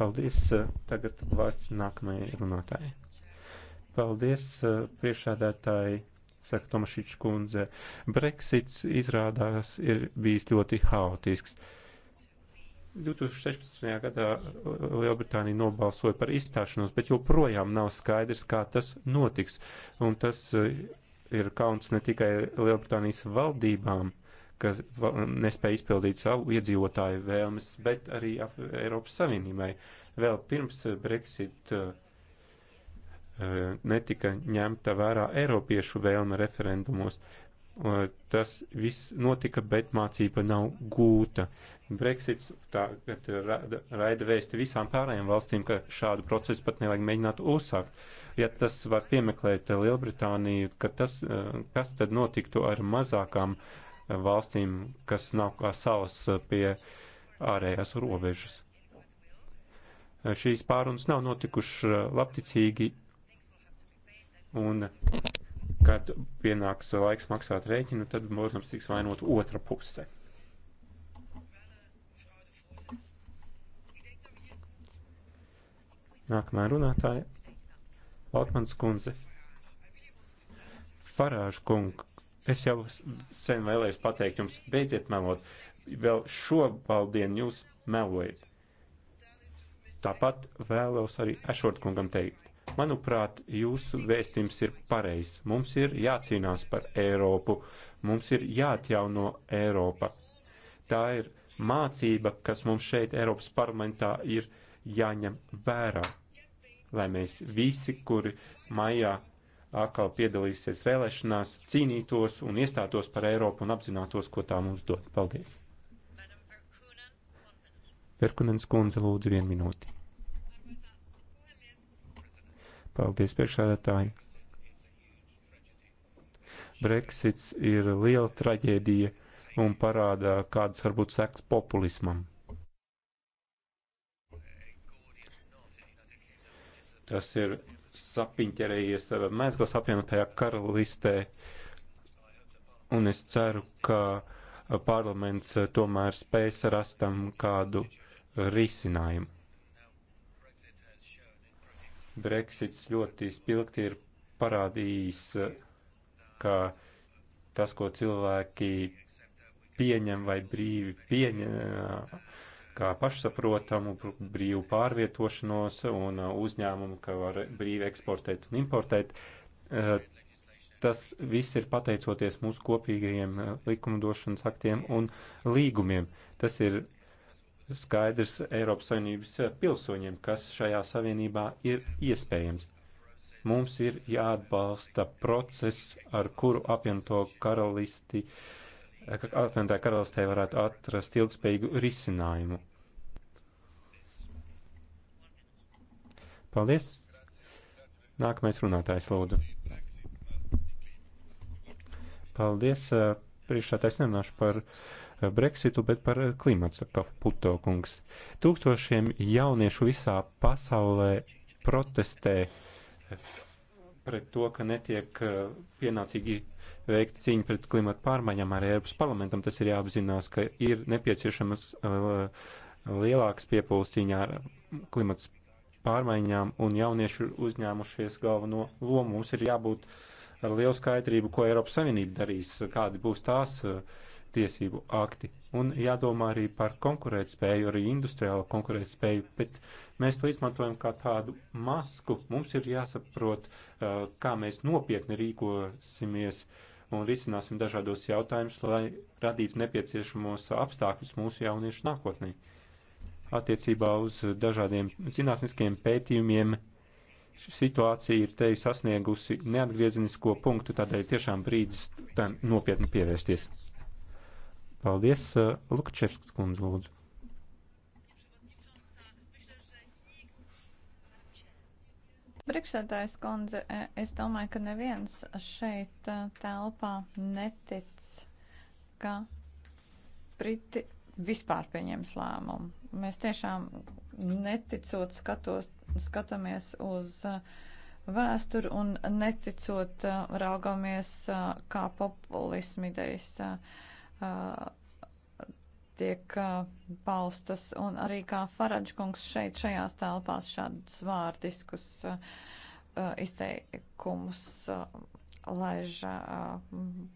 Paldies. Uh, tagad vārds nākamajai runātājai. Paldies, uh, priekšādātāji, saka Tomašiņš kundze. Brexits izrādās ir bijis ļoti haotisks. Uh, 2016. gadā Lielbritānija nobalsoja par izstāšanos, bet joprojām nav skaidrs, kā tas notiks. Un tas eh, ir kauns ne tikai Lielbritānijas valdībām, kas nespēja izpildīt savu iedzīvotāju vēlmes, bet arī Eiropas Savienībai. Vēl pirms Brexit eh, netika ņemta vērā Eiropiešu vēlme referendumos. Eh, tas viss notika, bet mācība nav gūta. Brexits tagad raida, raida vēsti visām pārējām valstīm, ka šādu procesu pat nevajag mēģināt uzsākt. Ja tas var piemeklēt Lielbritāniju, ka tas, eh, kas tad notiktu ar mazākām eh, valstīm, kas nav kā salas eh, pie ārējās robežas. Šīs pārunas nav notikušas labticīgi un kad pienāks laiks maksāt rēķinu, tad, protams, tiks vainot otra puse. Nākamā runātāja - Lautmans kundze. Farāžu kungu, es jau sen vēlējos pateikt jums, beidziet melot, vēl šobaldien jūs melojat. Tāpat vēlos arī Ešort kungam teikt. Manuprāt, jūsu vēstījums ir pareizs. Mums ir jācīnās par Eiropu, mums ir jāatjauno Eiropa. Tā ir mācība, kas mums šeit Eiropas parlamentā ir jāatjauno jāņem vērā, lai mēs visi, kuri maijā atkal piedalīsies vēlēšanās, cīnītos un iestātos par Eiropu un apzinātos, ko tā mums dod. Paldies! Verkunens kundze lūdzu vienu minūti. Paldies priekšsēdētāji. Brexits ir liela traģēdija un parāda, kādas varbūt seks populismam. Tas ir sapiņķerējies eh, mezglas apvienotajā karalistē, un es ceru, ka eh, parlaments eh, tomēr spēs rast tam kādu risinājumu. Brexits ļoti spilgti ir parādījis, ka tas, ko cilvēki pieņem vai brīvi pieņem, kā pašsaprotamu brīvu pārvietošanos un uh, uzņēmumu, ka var brīvi eksportēt un importēt. Uh, tas viss ir pateicoties mūsu kopīgajiem uh, likumdošanas aktiem un līgumiem. Tas ir skaidrs Eiropas Savienības pilsoņiem, kas šajā savienībā ir iespējams mums ir jāatbalsta process, ar kuru apvienoto karalisti ka apvienotā karalistē varētu atrast ilgspējīgu risinājumu. Paldies! Nākamais runātājs lūdzu. Paldies! Eh, Priekšstādā es nerunāšu par eh, Brexitu, bet par eh, klimatu, kā Puto kungs. Tūkstošiem jauniešu visā pasaulē protestē pret to, ka netiek eh, pienācīgi veikti cīņa pret klimatu pārmaiņām arī Eiropas parlamentam. Tas ir jāapzinās, ka ir nepieciešamas uh, lielākas piepūles cīņā ar klimatu pārmaiņām un jaunieši ir uzņēmušies galveno lomu. Mums ir jābūt ar lielu skaidrību, ko Eiropas Savienība darīs, kādi būs tās uh, tiesību akti. Un jādomā arī par konkurētspēju, arī industriālo konkurētspēju, bet mēs to izmantojam kā tādu masku. Mums ir jāsaprot, kā mēs nopietni rīkosimies un risināsim dažādos jautājumus, lai radītu nepieciešamos apstākļus mūsu jauniešu nākotnē. Attiecībā uz dažādiem zinātniskiem pētījumiem situācija ir tevi sasniegusi neatgriezenisko punktu, tādēļ tiešām brīdis tam nopietni pievērsties. Paldies, uh, Lukčevskas kundze, lūdzu. Priekšsēdājas kundze, e, es domāju, ka neviens šeit e, telpā netic, ka Briti vispār pieņems lēmumu. Mēs tiešām neticot skatos, skatāmies uz e, vēsturi un neticot raugamies, kā populismu idejas. Uh, Uh, tiek uh, paustas, un arī kā Faradžkungs šeit šajās telpās šādus vārdiskus uh, izteikumus laiž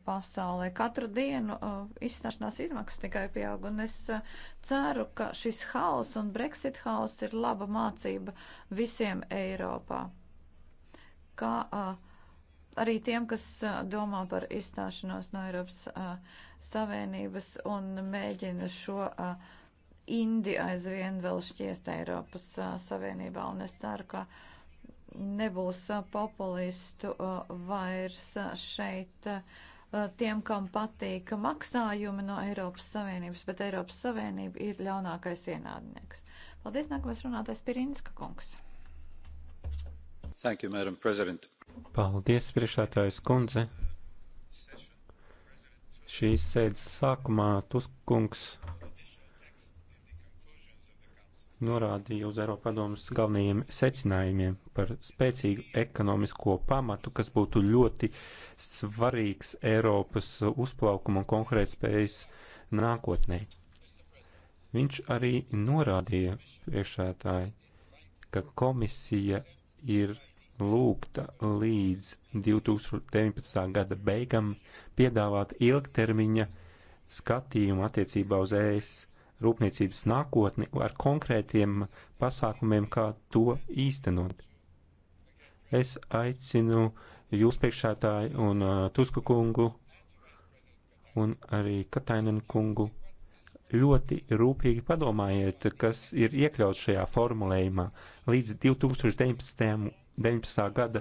pasaulē. Katru dienu izstāšanās izmaksas tikai pieaug, un es ceru, ka šis haus un Brexit haus ir laba mācība visiem Eiropā. Kā arī tiem, kas domā par izstāšanos no Eiropas Savienības un mēģina šo uh, indi aizvien vēl šķiest Eiropas uh, Savienībā. Un es ceru, ka nebūs uh, populistu uh, vairs uh, šeit. Uh, Tiem, kam patīk maksājumi no Eiropas Savienības, bet Eiropas Savienība ir ļaunākais ienādnieks. Paldies, nākamais runātais Pirinska kungs. Thank you, Madam President. Paldies, priekšētājs kundze šīs sēdes sākumā Tuskungs norādīja uz Eiropadomas galvenajiem secinājumiem par spēcīgu ekonomisko pamatu, kas būtu ļoti svarīgs Eiropas uzplaukuma un konkurētspējas nākotnē. Viņš arī norādīja priekšētāji, ka komisija ir lūgta līdz 2019. gada beigam piedāvāt ilgtermiņa skatījumu attiecībā uz ES rūpniecības nākotni ar konkrētiem pasākumiem, kā to īstenot. Es aicinu jūs priekšētāju un uh, Tusku kungu un arī Katainen kungu ļoti rūpīgi padomājiet, kas ir iekļauts šajā formulējumā. Līdz 2019. 19. gada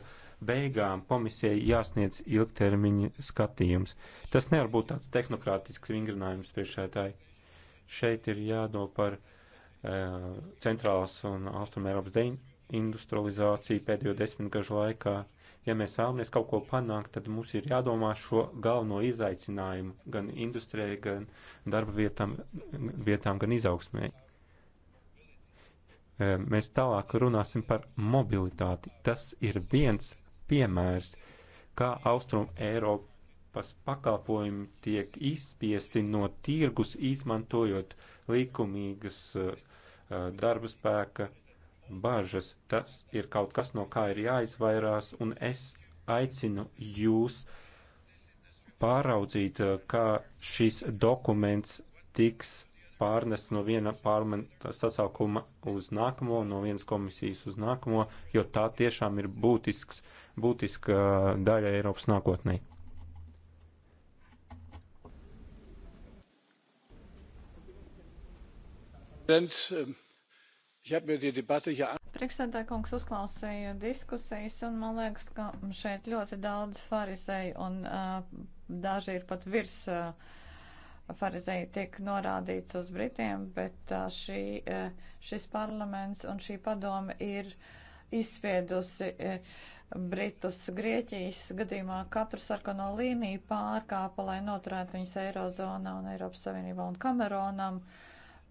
beigām komisijai jāsniedz ilgtermiņa skatījums. Tas nevar būt tāds tehnokrātisks vingrinājums priekšētāji. Šeit ir jādomā par uh, centrālās un austrumēropas deindustrializāciju pēdējo desmitgažu laikā. Ja mēs vēlamies kaut ko panākt, tad mums ir jādomā šo galveno izaicinājumu gan industrijai, gan darba vietām, vietām gan izaugsmēji. Ehm, mēs tālāk runāsim par mobilitāti. Tas ir viens piemērs, kā Austrum Eiropas pakalpojumi tiek izspiesti no tirgus, izmantojot likumīgas eh, eh, darba spēka bažas. Tas ir kaut kas, no kā ir jāizvairās, un es aicinu jūs pāraudzīt, eh, kā šis dokuments tiks pārnest no viena parlamenta sasaukuma uz nākamo, no vienas komisijas uz nākamo, jo tā tiešām ir būtisks, būtiska daļa Eiropas nākotnē. Um, Priekšsēdētāj kungs uzklausīja diskusijas un man liekas, ka šeit ļoti daudz farizēju un uh, daži ir pat virs. Uh, farizēji tiek norādīts uz Britiem, bet šī, šis parlaments un šī padoma ir izspiedusi Britus Grieķijas gadījumā katru sarkano līniju pārkāpa, lai noturētu viņus Eirozonā un Eiropas Savienībā un Kameronam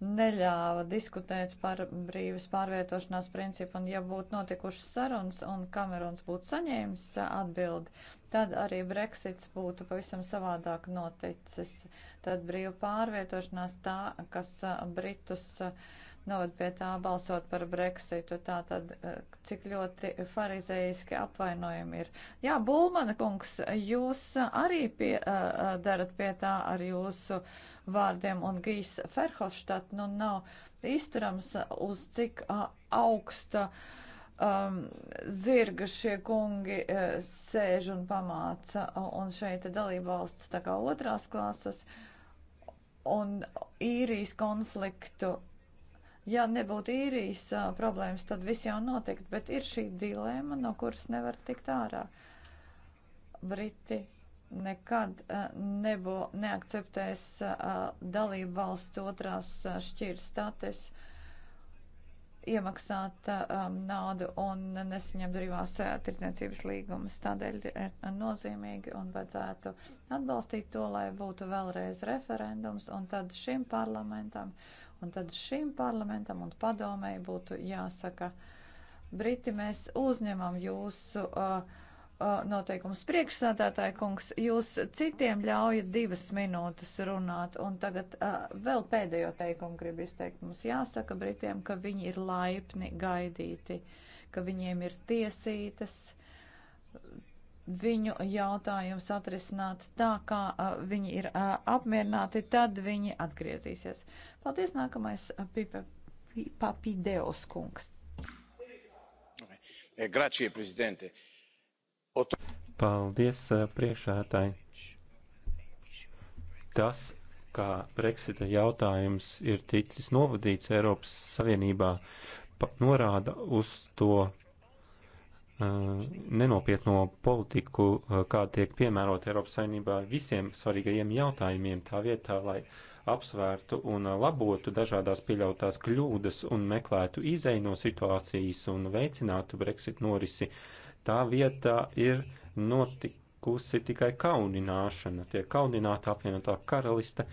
neļāva diskutēt par brīvas pārvietošanās principu, un ja būtu notikušas sarunas un Kamerons būtu saņēmis atbildi, tad arī Brexits būtu pavisam savādāk noticis. Tad brīva pārvietošanās tā, kas Britus noved pie tā balsot par Brexitu, tā tad cik ļoti farizeiski apvainojumi ir. Jā, Bulmana kungs, jūs arī pie, darat pie tā ar jūsu vārdiem, un Gijs Ferhofštat nu nav izturams uz cik augsta. Uh, um, zirga šie kungi uh, sēž un pamāca, un šeit dalība valsts tā kā otrās klases, un īrijas konfliktu. Ja nebūtu īrijas uh, problēmas, tad viss jau notikt, bet ir šī dilēma, no kuras nevar tikt ārā. Briti nekad uh, eh, nebū, neakceptēs uh, dalību valsts otrās uh, šķirs status. Uh, iemaksāt um, naudu un nesaņem brīvās uh, tirdzniecības līgumus. Tādēļ ir uh, nozīmīgi un vajadzētu atbalstīt to, lai būtu vēlreiz referendums un tad šim parlamentam un tad šim parlamentam un padomēji būtu jāsaka, Briti, mēs uzņemam jūsu. Uh, noteikums. Priekšsādātāja kungs, jūs citiem ļaujat divas minūtes runāt, un tagad uh, vēl pēdējo teikumu gribu izteikt. Mums jāsaka Britiem, ka viņi ir laipni gaidīti, ka viņiem ir tiesītas viņu jautājums atrisināt tā, kā uh, viņi ir uh, apmierināti, tad viņi atgriezīsies. Paldies, nākamais uh, pipa, Papideos kungs. Okay. Eh, grazie, prezidente. Uh, Paldies eh, priekšētāji. Tas, kā Brexita jautājums ir ticis novadīts Eiropas Savienībā, norāda uz to uh, nenopietno politiku, uh, kā tiek piemērot Eiropas Savienībā visiem svarīgajiem jautājumiem tā vietā, lai apsvērtu un labotu dažādās pieļautās kļūdas un meklētu izēju no situācijas un veicinātu Brexit norisi. Tā vietā ir uh, notikusi tikai kaunināšana. Tiek kaunināta apvienotā karaliste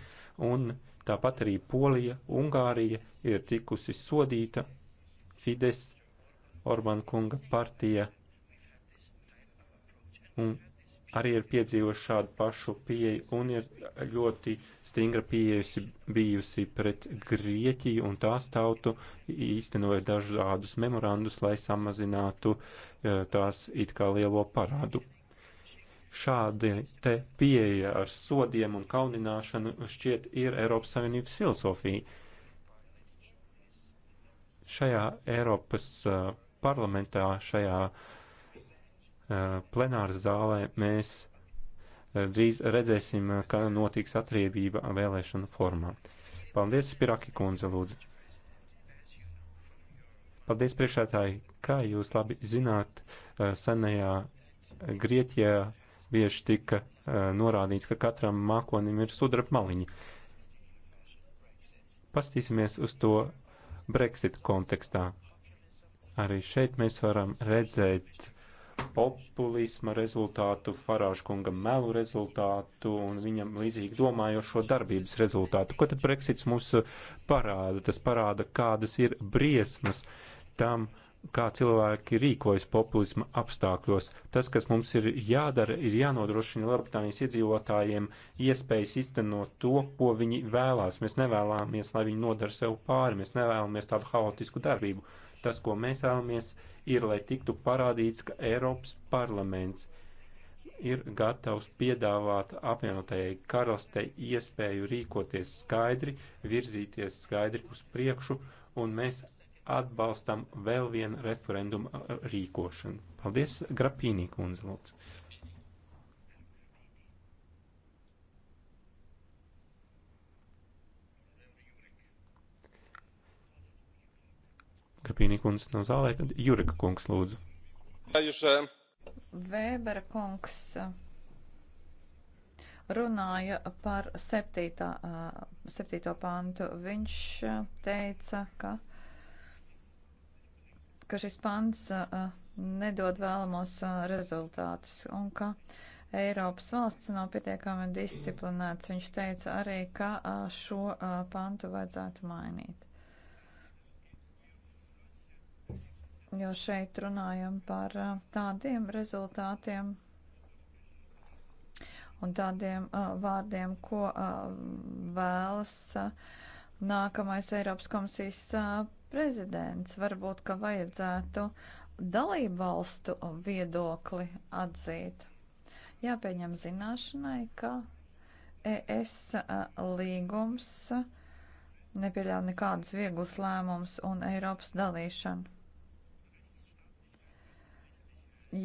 un tāpat arī Polija, Ungārija ir tikusi sodīta Fides, Orbán kunga partija. Un arī ir piedzīvojuši šādu pašu pieeju un ir ļoti stingra pieejusi bijusi pret Grieķiju un tās tautu, īstenoja dažādus memorandus, lai samazinātu eh, tās it kā lielo parādu šādi te pieeja ar sodiem un kaunināšanu šķiet ir Eiropas Savienības filozofija. Šajā Eiropas uh, parlamentā, šajā uh, plenāras zālē mēs uh, drīz redzēsim, uh, ka notiks atriebība vēlēšanu formā. Paldies, Spiraki kundze, lūdzu. Paldies, priekšētāji, kā jūs labi zināt, uh, senajā Grieķijā bieži tika eh, norādīts, ka katram mākonim ir sudraba maliņa. Pastīsimies uz to Brexit kontekstā. Arī šeit mēs varam redzēt populisma rezultātu, Farāža kunga melu rezultātu un viņam līdzīgi domājošo darbības rezultātu. Ko tad Brexits mums parāda? Tas parāda, kādas ir briesmas tam, uh, kā cilvēki rīkojas populisma apstākļos. Tas, kas mums ir jādara, ir jānodrošina Lielbritānijas iedzīvotājiem iespējas iztenot to, ko viņi vēlās. Mēs nevēlamies, lai viņi nodara sev pāri, mēs nevēlamies tādu haotisku darbību. Tas, ko mēs vēlamies, ir, lai tiktu parādīts, ka Eiropas parlaments ir gatavs piedāvāt apvienotajai karalistei iespēju rīkoties skaidri, virzīties skaidri uz priekšu, un mēs atbalstam vēl vienu referendumu rīkošanu. Paldies, Grapīnī kundze, lūdzu. Grapīnī kundze nav zālē, tad Jurika kungs, lūdzu. Vēbera kungs runāja par septītā, septīto pantu. Viņš teica, ka ka šis pants nedod vēlamos rezultātus un ka Eiropas valsts nav pietiekami disciplinēts. Viņš teica arī, ka šo pantu vajadzētu mainīt. Jo šeit runājam par tādiem rezultātiem un tādiem vārdiem, ko vēlas nākamais Eiropas komisijas prezidents, varbūt, ka vajadzētu dalību valstu viedokli atzīt. Jāpieņem zināšanai, ka ES līgums nepieļauj nekādus vieglus lēmumus un Eiropas dalīšanu.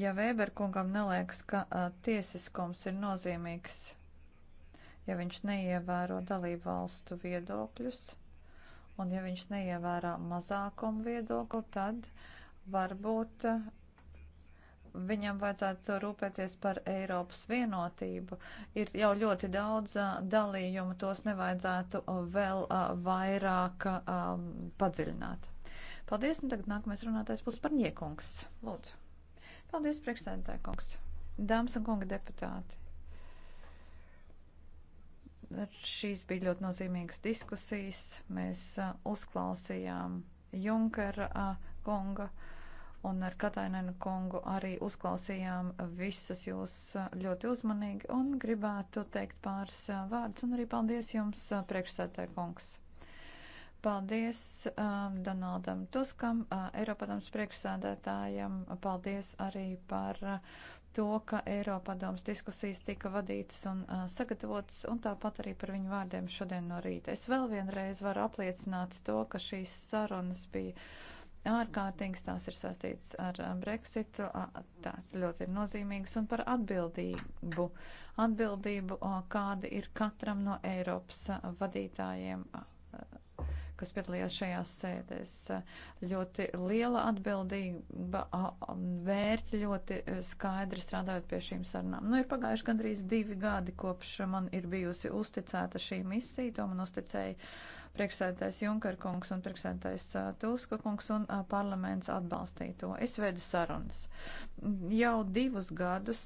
Ja Vēberkungam neliekas, ka a, tiesiskums ir nozīmīgs, ja viņš neievēro dalību valstu viedokļus, Un ja viņš neievērā mazākumu viedokli, tad varbūt uh, viņam vajadzētu rūpēties par Eiropas vienotību. Ir jau ļoti daudz uh, dalījumu, tos nevajadzētu uh, vēl vairāk um, padziļināt. Paldies, un tagad nākamais runātais būs par Niekungs. Lūdzu. Paldies, priekšsēdētāj kungs. Dāmas un kunga deputāti. Šīs bija ļoti nozīmīgas diskusijas. Mēs uzklausījām Junkera kunga un ar Katainenu kungu arī uzklausījām visus jūs ļoti uzmanīgi un gribētu teikt pāris vārdus un arī paldies jums, priekšsētē kungs. Paldies um, Donaldam Tuskam, uh, Eiropadams priekšsēdētājam, paldies arī par uh, to, ka Eiropadomas diskusijas tika vadītas un uh, sagatavotas, un tāpat arī par viņu vārdiem šodien no rīta. Es vēl vienreiz varu apliecināt to, ka šīs sarunas bija ārkārtīgas, tās ir saistītas ar Brexitu, tās ļoti ir nozīmīgas un par atbildību. Atbildību, kāda ir katram no Eiropas vadītājiem kas piedalījās šajās sēdēs. Ļoti liela atbildība, vērķi ļoti e, skaidri strādājot pie šīm sarunām. Nu, ir pagājuši gandrīz divi gadi, kopš man ir bijusi uzticēta šī misija, to man uzticēja priekšsēdētājs Junkerkungs un priekšsēdētājs Tuska kungs un parlaments atbalstīja to. Es vedu sarunas. Jau divus gadus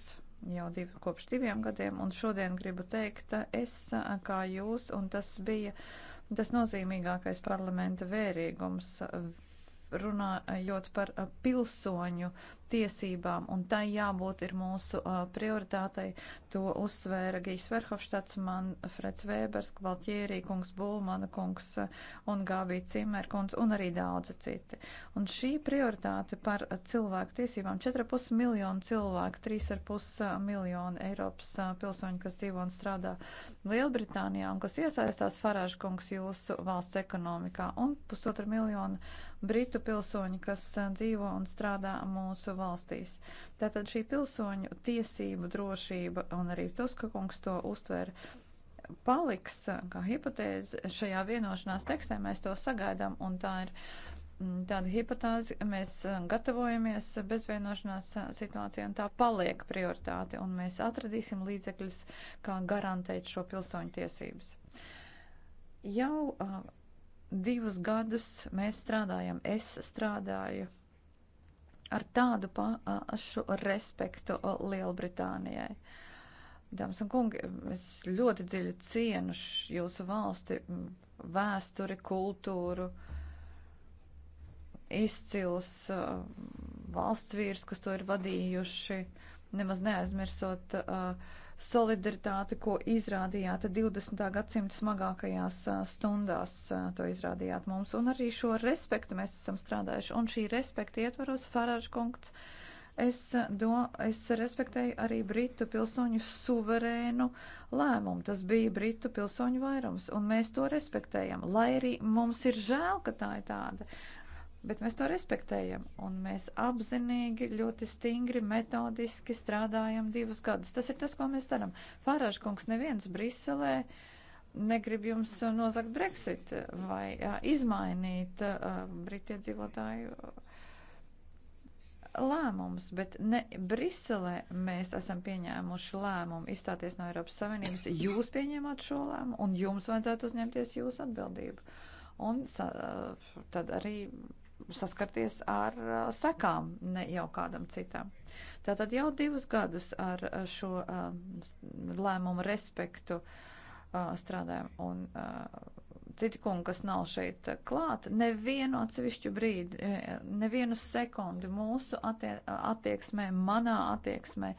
jau div, kopš diviem gadiem, un šodien gribu teikt, es kā jūs, un tas bija uh, Tas nozīmīgākais parlamenta vērīgums runājot par eh, pilsoņu tiesībām, un tai jābūt ir mūsu eh, prioritātei. To uzsvēra Gijs Verhofštats, man Freds Vēbers, Gvaltjērī kungs, Bulmana kungs eh, un Gāvī Cimer kungs un arī daudzi citi. Un šī prioritāte par cilvēku tiesībām 4,5 miljonu cilvēku, 3,5 miljonu Eiropas pilsoņu, kas dzīvo un strādā Lielbritānijā un kas iesaistās Farāžu kungs jūsu valsts ekonomikā un pusotru miljonu britu pilsoņi, kas dzīvo un strādā mūsu valstīs. Tātad šī pilsoņu tiesību drošība, un arī Tuska kungs to uztvēra, paliks kā hipotēze šajā vienošanās tekstē. Mēs to sagaidām, un tā ir mm, tāda hipotēze. Mēs gatavojamies bezvienošanās situācijai, un tā paliek prioritāte, un mēs atradīsim līdzekļus, kā garantēt šo pilsoņu tiesības. Jau uh, Divus gadus mēs strādājam, es strādāju ar tādu pašu respektu Lielbritānijai. Dāmas un kungi, es ļoti dziļi cienu jūsu valsti, vēsturi, kultūru, izcils uh, valsts vīrs, kas to ir vadījuši, nemaz neaizmirsot uh, solidaritāti, ko izrādījāt 20. gadsimta smagākajās stundās, to izrādījāt mums, un arī šo respektu mēs esam strādājuši, un šī respekta ietvaros Farāžkungs. Es, do, es respektēju arī Britu pilsoņu suverēnu lēmumu. Tas bija Britu pilsoņu vairums, un mēs to respektējam. Lai arī mums ir žēl, ka tā ir tāda. Uh, Bet mēs to respektējam, un mēs apzinīgi, ļoti stingri, metodiski strādājam divus gadus. Tas ir tas, ko mēs darām. Fārāža kungs neviens Briselē negrib jums nozagt Brexit vai jā, izmainīt uh, Britu iedzīvotāju lēmumus, bet ne Briselē mēs esam pieņēmuši lēmumu izstāties no Eiropas Savienības. Jūs pieņēmāt šo lēmumu, un jums vajadzētu uzņemties jūsu atbildību. Un sa, tad arī saskarties ar uh, sekām, ne jau kādam citam. Tātad jau divus gadus ar uh, šo um, lēmumu respektu uh, strādājam, un citi kungi, kas nav šeit klāt, nevienu atsevišķu brīdi, nevienu sekundi mūsu attie attieksmē, manā attieksmē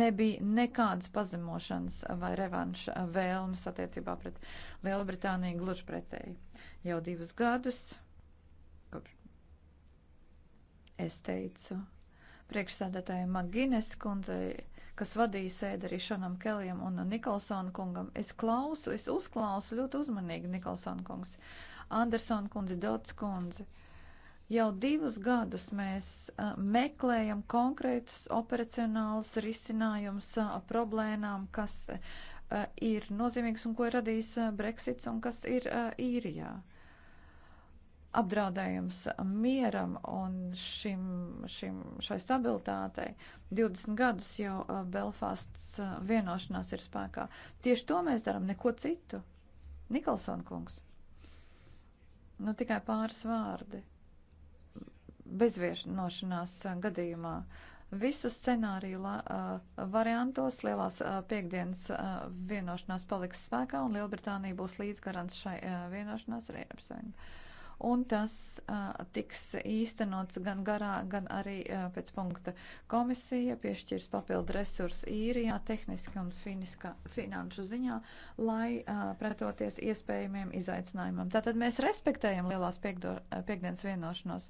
nebija nekādas pazemošanas vai revanša vēlmes attiecībā pret Lielbritāniju gluži pretēji. Jau divus gadus Es teicu priekšsēdētājai Magines kundzei, kas vadīja sēdi arī Šanam Kelijam un Nikolsonu kungam. Es klausu, es uzklausu ļoti uzmanīgi Nikolsonu kungs, Andersonu kundzi, Dots kundzi. Jau divus gadus mēs a, meklējam konkrētus operacionālus risinājumus problēmām, kas a, ir nozīmīgas un ko ir radījis Brexits un kas ir a, īrijā. Ja apdraudējums mieram un šim, šim, šai stabilitātei. 20 gadus jau eh, Belfāsts eh, vienošanās ir spēkā. Tieši to mēs darām, neko citu. Nikolson kungs. Nu, tikai pāris vārdi. Bezviešanošanās eh, gadījumā. Visu scenāriju la, uh, variantos lielās uh, piekdienas uh, vienošanās paliks spēkā un Lielbritānija būs līdzgarants šai uh, vienošanās ar Eiropas Savienību un tas uh, tiks īstenots gan garā, gan arī uh, pēc punkta. Komisija piešķirs papildu resursu īrijā, tehniski un finiska, finanšu ziņā, lai uh, pretoties iespējamiem izaicinājumam. Tātad mēs respektējam lielās piekdo, piekdienas vienošanos,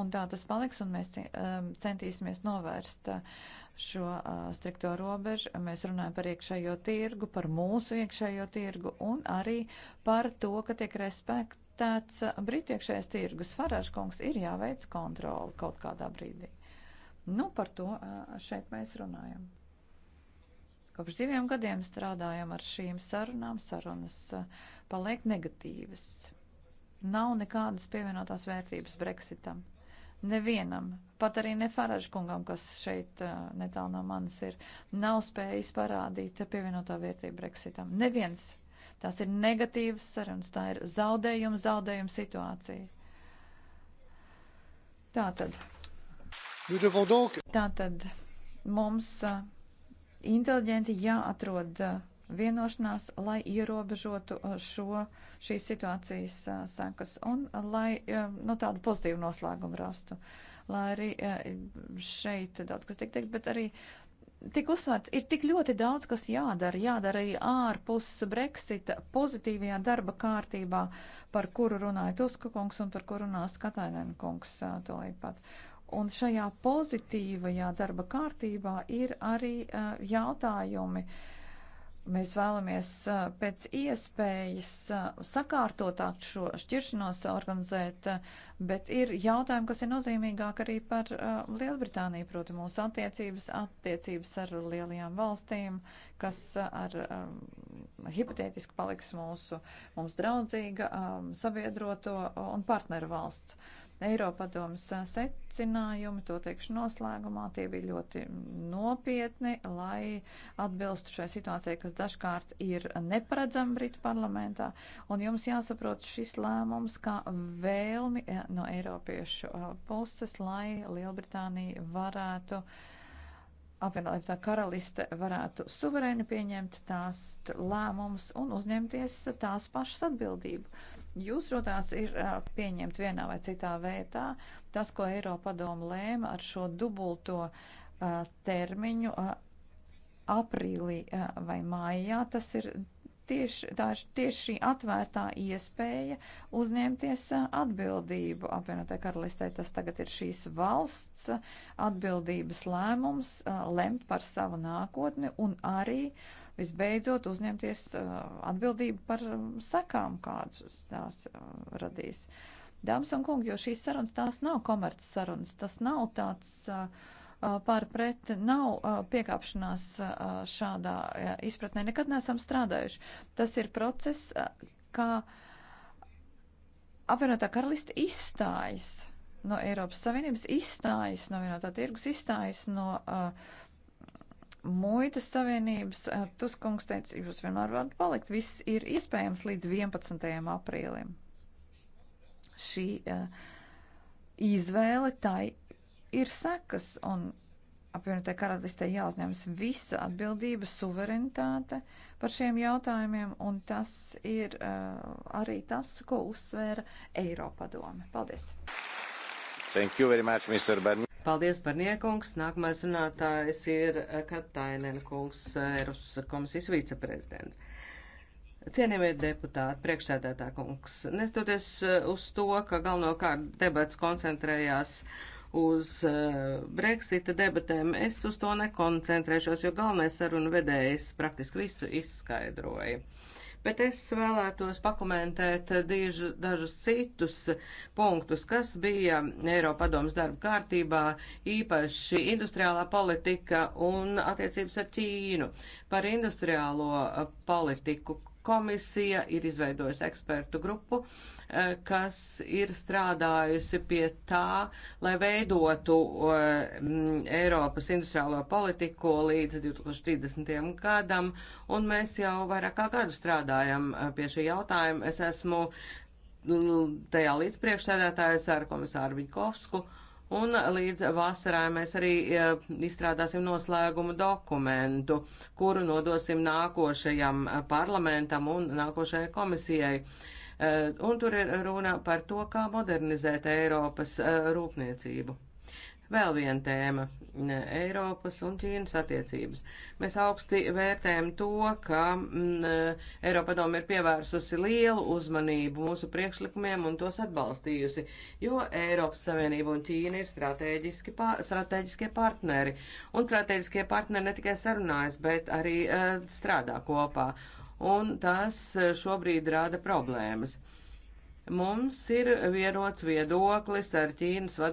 un tā tas paliks, un mēs um, centīsimies novērst. Uh, šo uh, strikto robežu. Mēs runājam par iekšējo tirgu, par mūsu iekšējo tirgu un arī par to, ka tiek respekt, investēts britiekšējais tirgus. Farāžkungs ir jāveic kontroli kaut kādā brīdī. Nu, par to šeit mēs runājam. Kopš diviem gadiem strādājam ar šīm sarunām. Sarunas paliek negatīvas. Nav nekādas pievienotās vērtības Brexitam. Nevienam, pat arī ne Farāžkungam, kas šeit netālu no manis ir, nav spējis parādīt pievienotā vērtību Brexitam. Neviens Tās ir negatīvas sarunas, tā ir zaudējuma, zaudējuma situācija. Tātad. Tātad mums inteliģenti jāatrod vienošanās, lai ierobežotu šo, šīs situācijas sekas un lai no nu, tādu pozitīvu noslēgumu rastu. Lai arī šeit daudz kas tiek teikt, bet arī uh, tik uzsvērts, ir tik ļoti daudz, kas jādara, jādara arī ārpus Brexita pozitīvajā darba kārtībā, par kuru runāja Tuska kungs un par kuru runās Katainēna kungs tolīt pat. Un šajā pozitīvajā darba kārtībā ir arī uh, jautājumi uh, Mēs vēlamies pēc iespējas sakārtotāk šo šķiršanos organizēt, bet ir jautājumi, kas ir nozīmīgāk arī par Lielbritāniju, proti mūsu attiecības, attiecības ar lielajām valstīm, kas ar um, hipotētiski paliks mūsu, mums draudzīga um, sabiedroto un partneru valsts. Uh, Eiropadomas uh, secinājumi, to teikšu noslēgumā, tie bija ļoti nopietni, lai atbilstu šai situācijai, kas dažkārt ir neparedzama Britu parlamentā. Un jums jāsaprot šis lēmums kā vēlmi uh, no Eiropiešu uh, puses, lai Lielbritānija varētu apvienotā karaliste varētu suverēni pieņemt tās lēmumus un uzņemties tās pašas atbildību. Jūs rotās ir pieņemt vienā vai citā veidā tas, ko Eiropadoma lēma ar šo dubulto termiņu aprīlī vai mājā. Tas ir tieši, tā ir tieši šī atvērtā iespēja uzņemties atbildību. Apvienotai karalistē tas tagad ir šīs valsts atbildības lēmums lemt par savu nākotni un arī uh, visbeidzot uzņemties uh, atbildību par um, sekām, kādas tās uh, radīs. Dāmas un kungi, jo šīs sarunas tās nav komerces sarunas, tas nav tāds uh, par pret, nav piekāpšanās šādā izpratnē. Nekad neesam strādājuši. Tas ir process, kā apvienotā karalista izstājas no Eiropas Savienības, izstājas no vienotā tirgus, izstājas no uh, muitas savienības, eh, Tuskungs teica, jūs vienmēr varat palikt, viss ir iespējams līdz 11. aprīlim. Šī uh, izvēle tai ir sekas, un apvienotai karalistē jāuzņemas visa atbildība, suverenitāte par šiem jautājumiem, un tas ir uh, arī tas, ko uzsvēra Eiropadome. Paldies! Thank you very much, Mr. Barnier. Paldies, Barniekungs. Nākamais runātājs ir Katainen kungs, Eiropas komisijas viceprezidents. Cienījamie deputāti, priekšsēdētā kungs, nestoties uh, uz to, ka galvenokārt debats koncentrējās uz uh, Brexita debatēm, es uz to nekoncentrēšos, jo galvenais sarunu vedējs praktiski visu izskaidroja. Uh, bet es vēlētos pakomentēt diežu, dažus citus punktus, kas bija Eiropadomas darba kārtībā, īpaši industriālā politika un attiecības ar Ķīnu. Par industriālo politiku komisija ir izveidojusi ekspertu grupu, uh, Eh, kas ir strādājusi pie tā, lai veidotu eh, Eiropas industriālo politiku līdz 2030. gadam, un mēs jau vairāk kā gadu strādājam eh, pie šī jautājuma. Es esmu tajā līdzpriekšsēdētājs ar komisāru Viņkovsku. Un līdz vasarai mēs arī izstrādāsim noslēgumu dokumentu, kuru nodosim nākošajam parlamentam un nākošajai komisijai. Uh, Eh, un tur ir runa par to, kā modernizēt Eiropas eh, rūpniecību. Vēl viena tēma - Eiropas un Ķīnas attiecības. Mēs augsti vērtējam to, ka mm, eh, Eiropa doma ir pievērsusi lielu uzmanību mūsu priekšlikumiem un tos atbalstījusi, jo Eiropas Savienība un Ķīna ir strateģiski, pār, strateģiskie partneri. Un strateģiskie partneri ne tikai sarunājas, bet arī uh, strādā kopā un tas eh, šobrīd rada problēmas. Mums ir vienots viedoklis ar Ķīnas vadību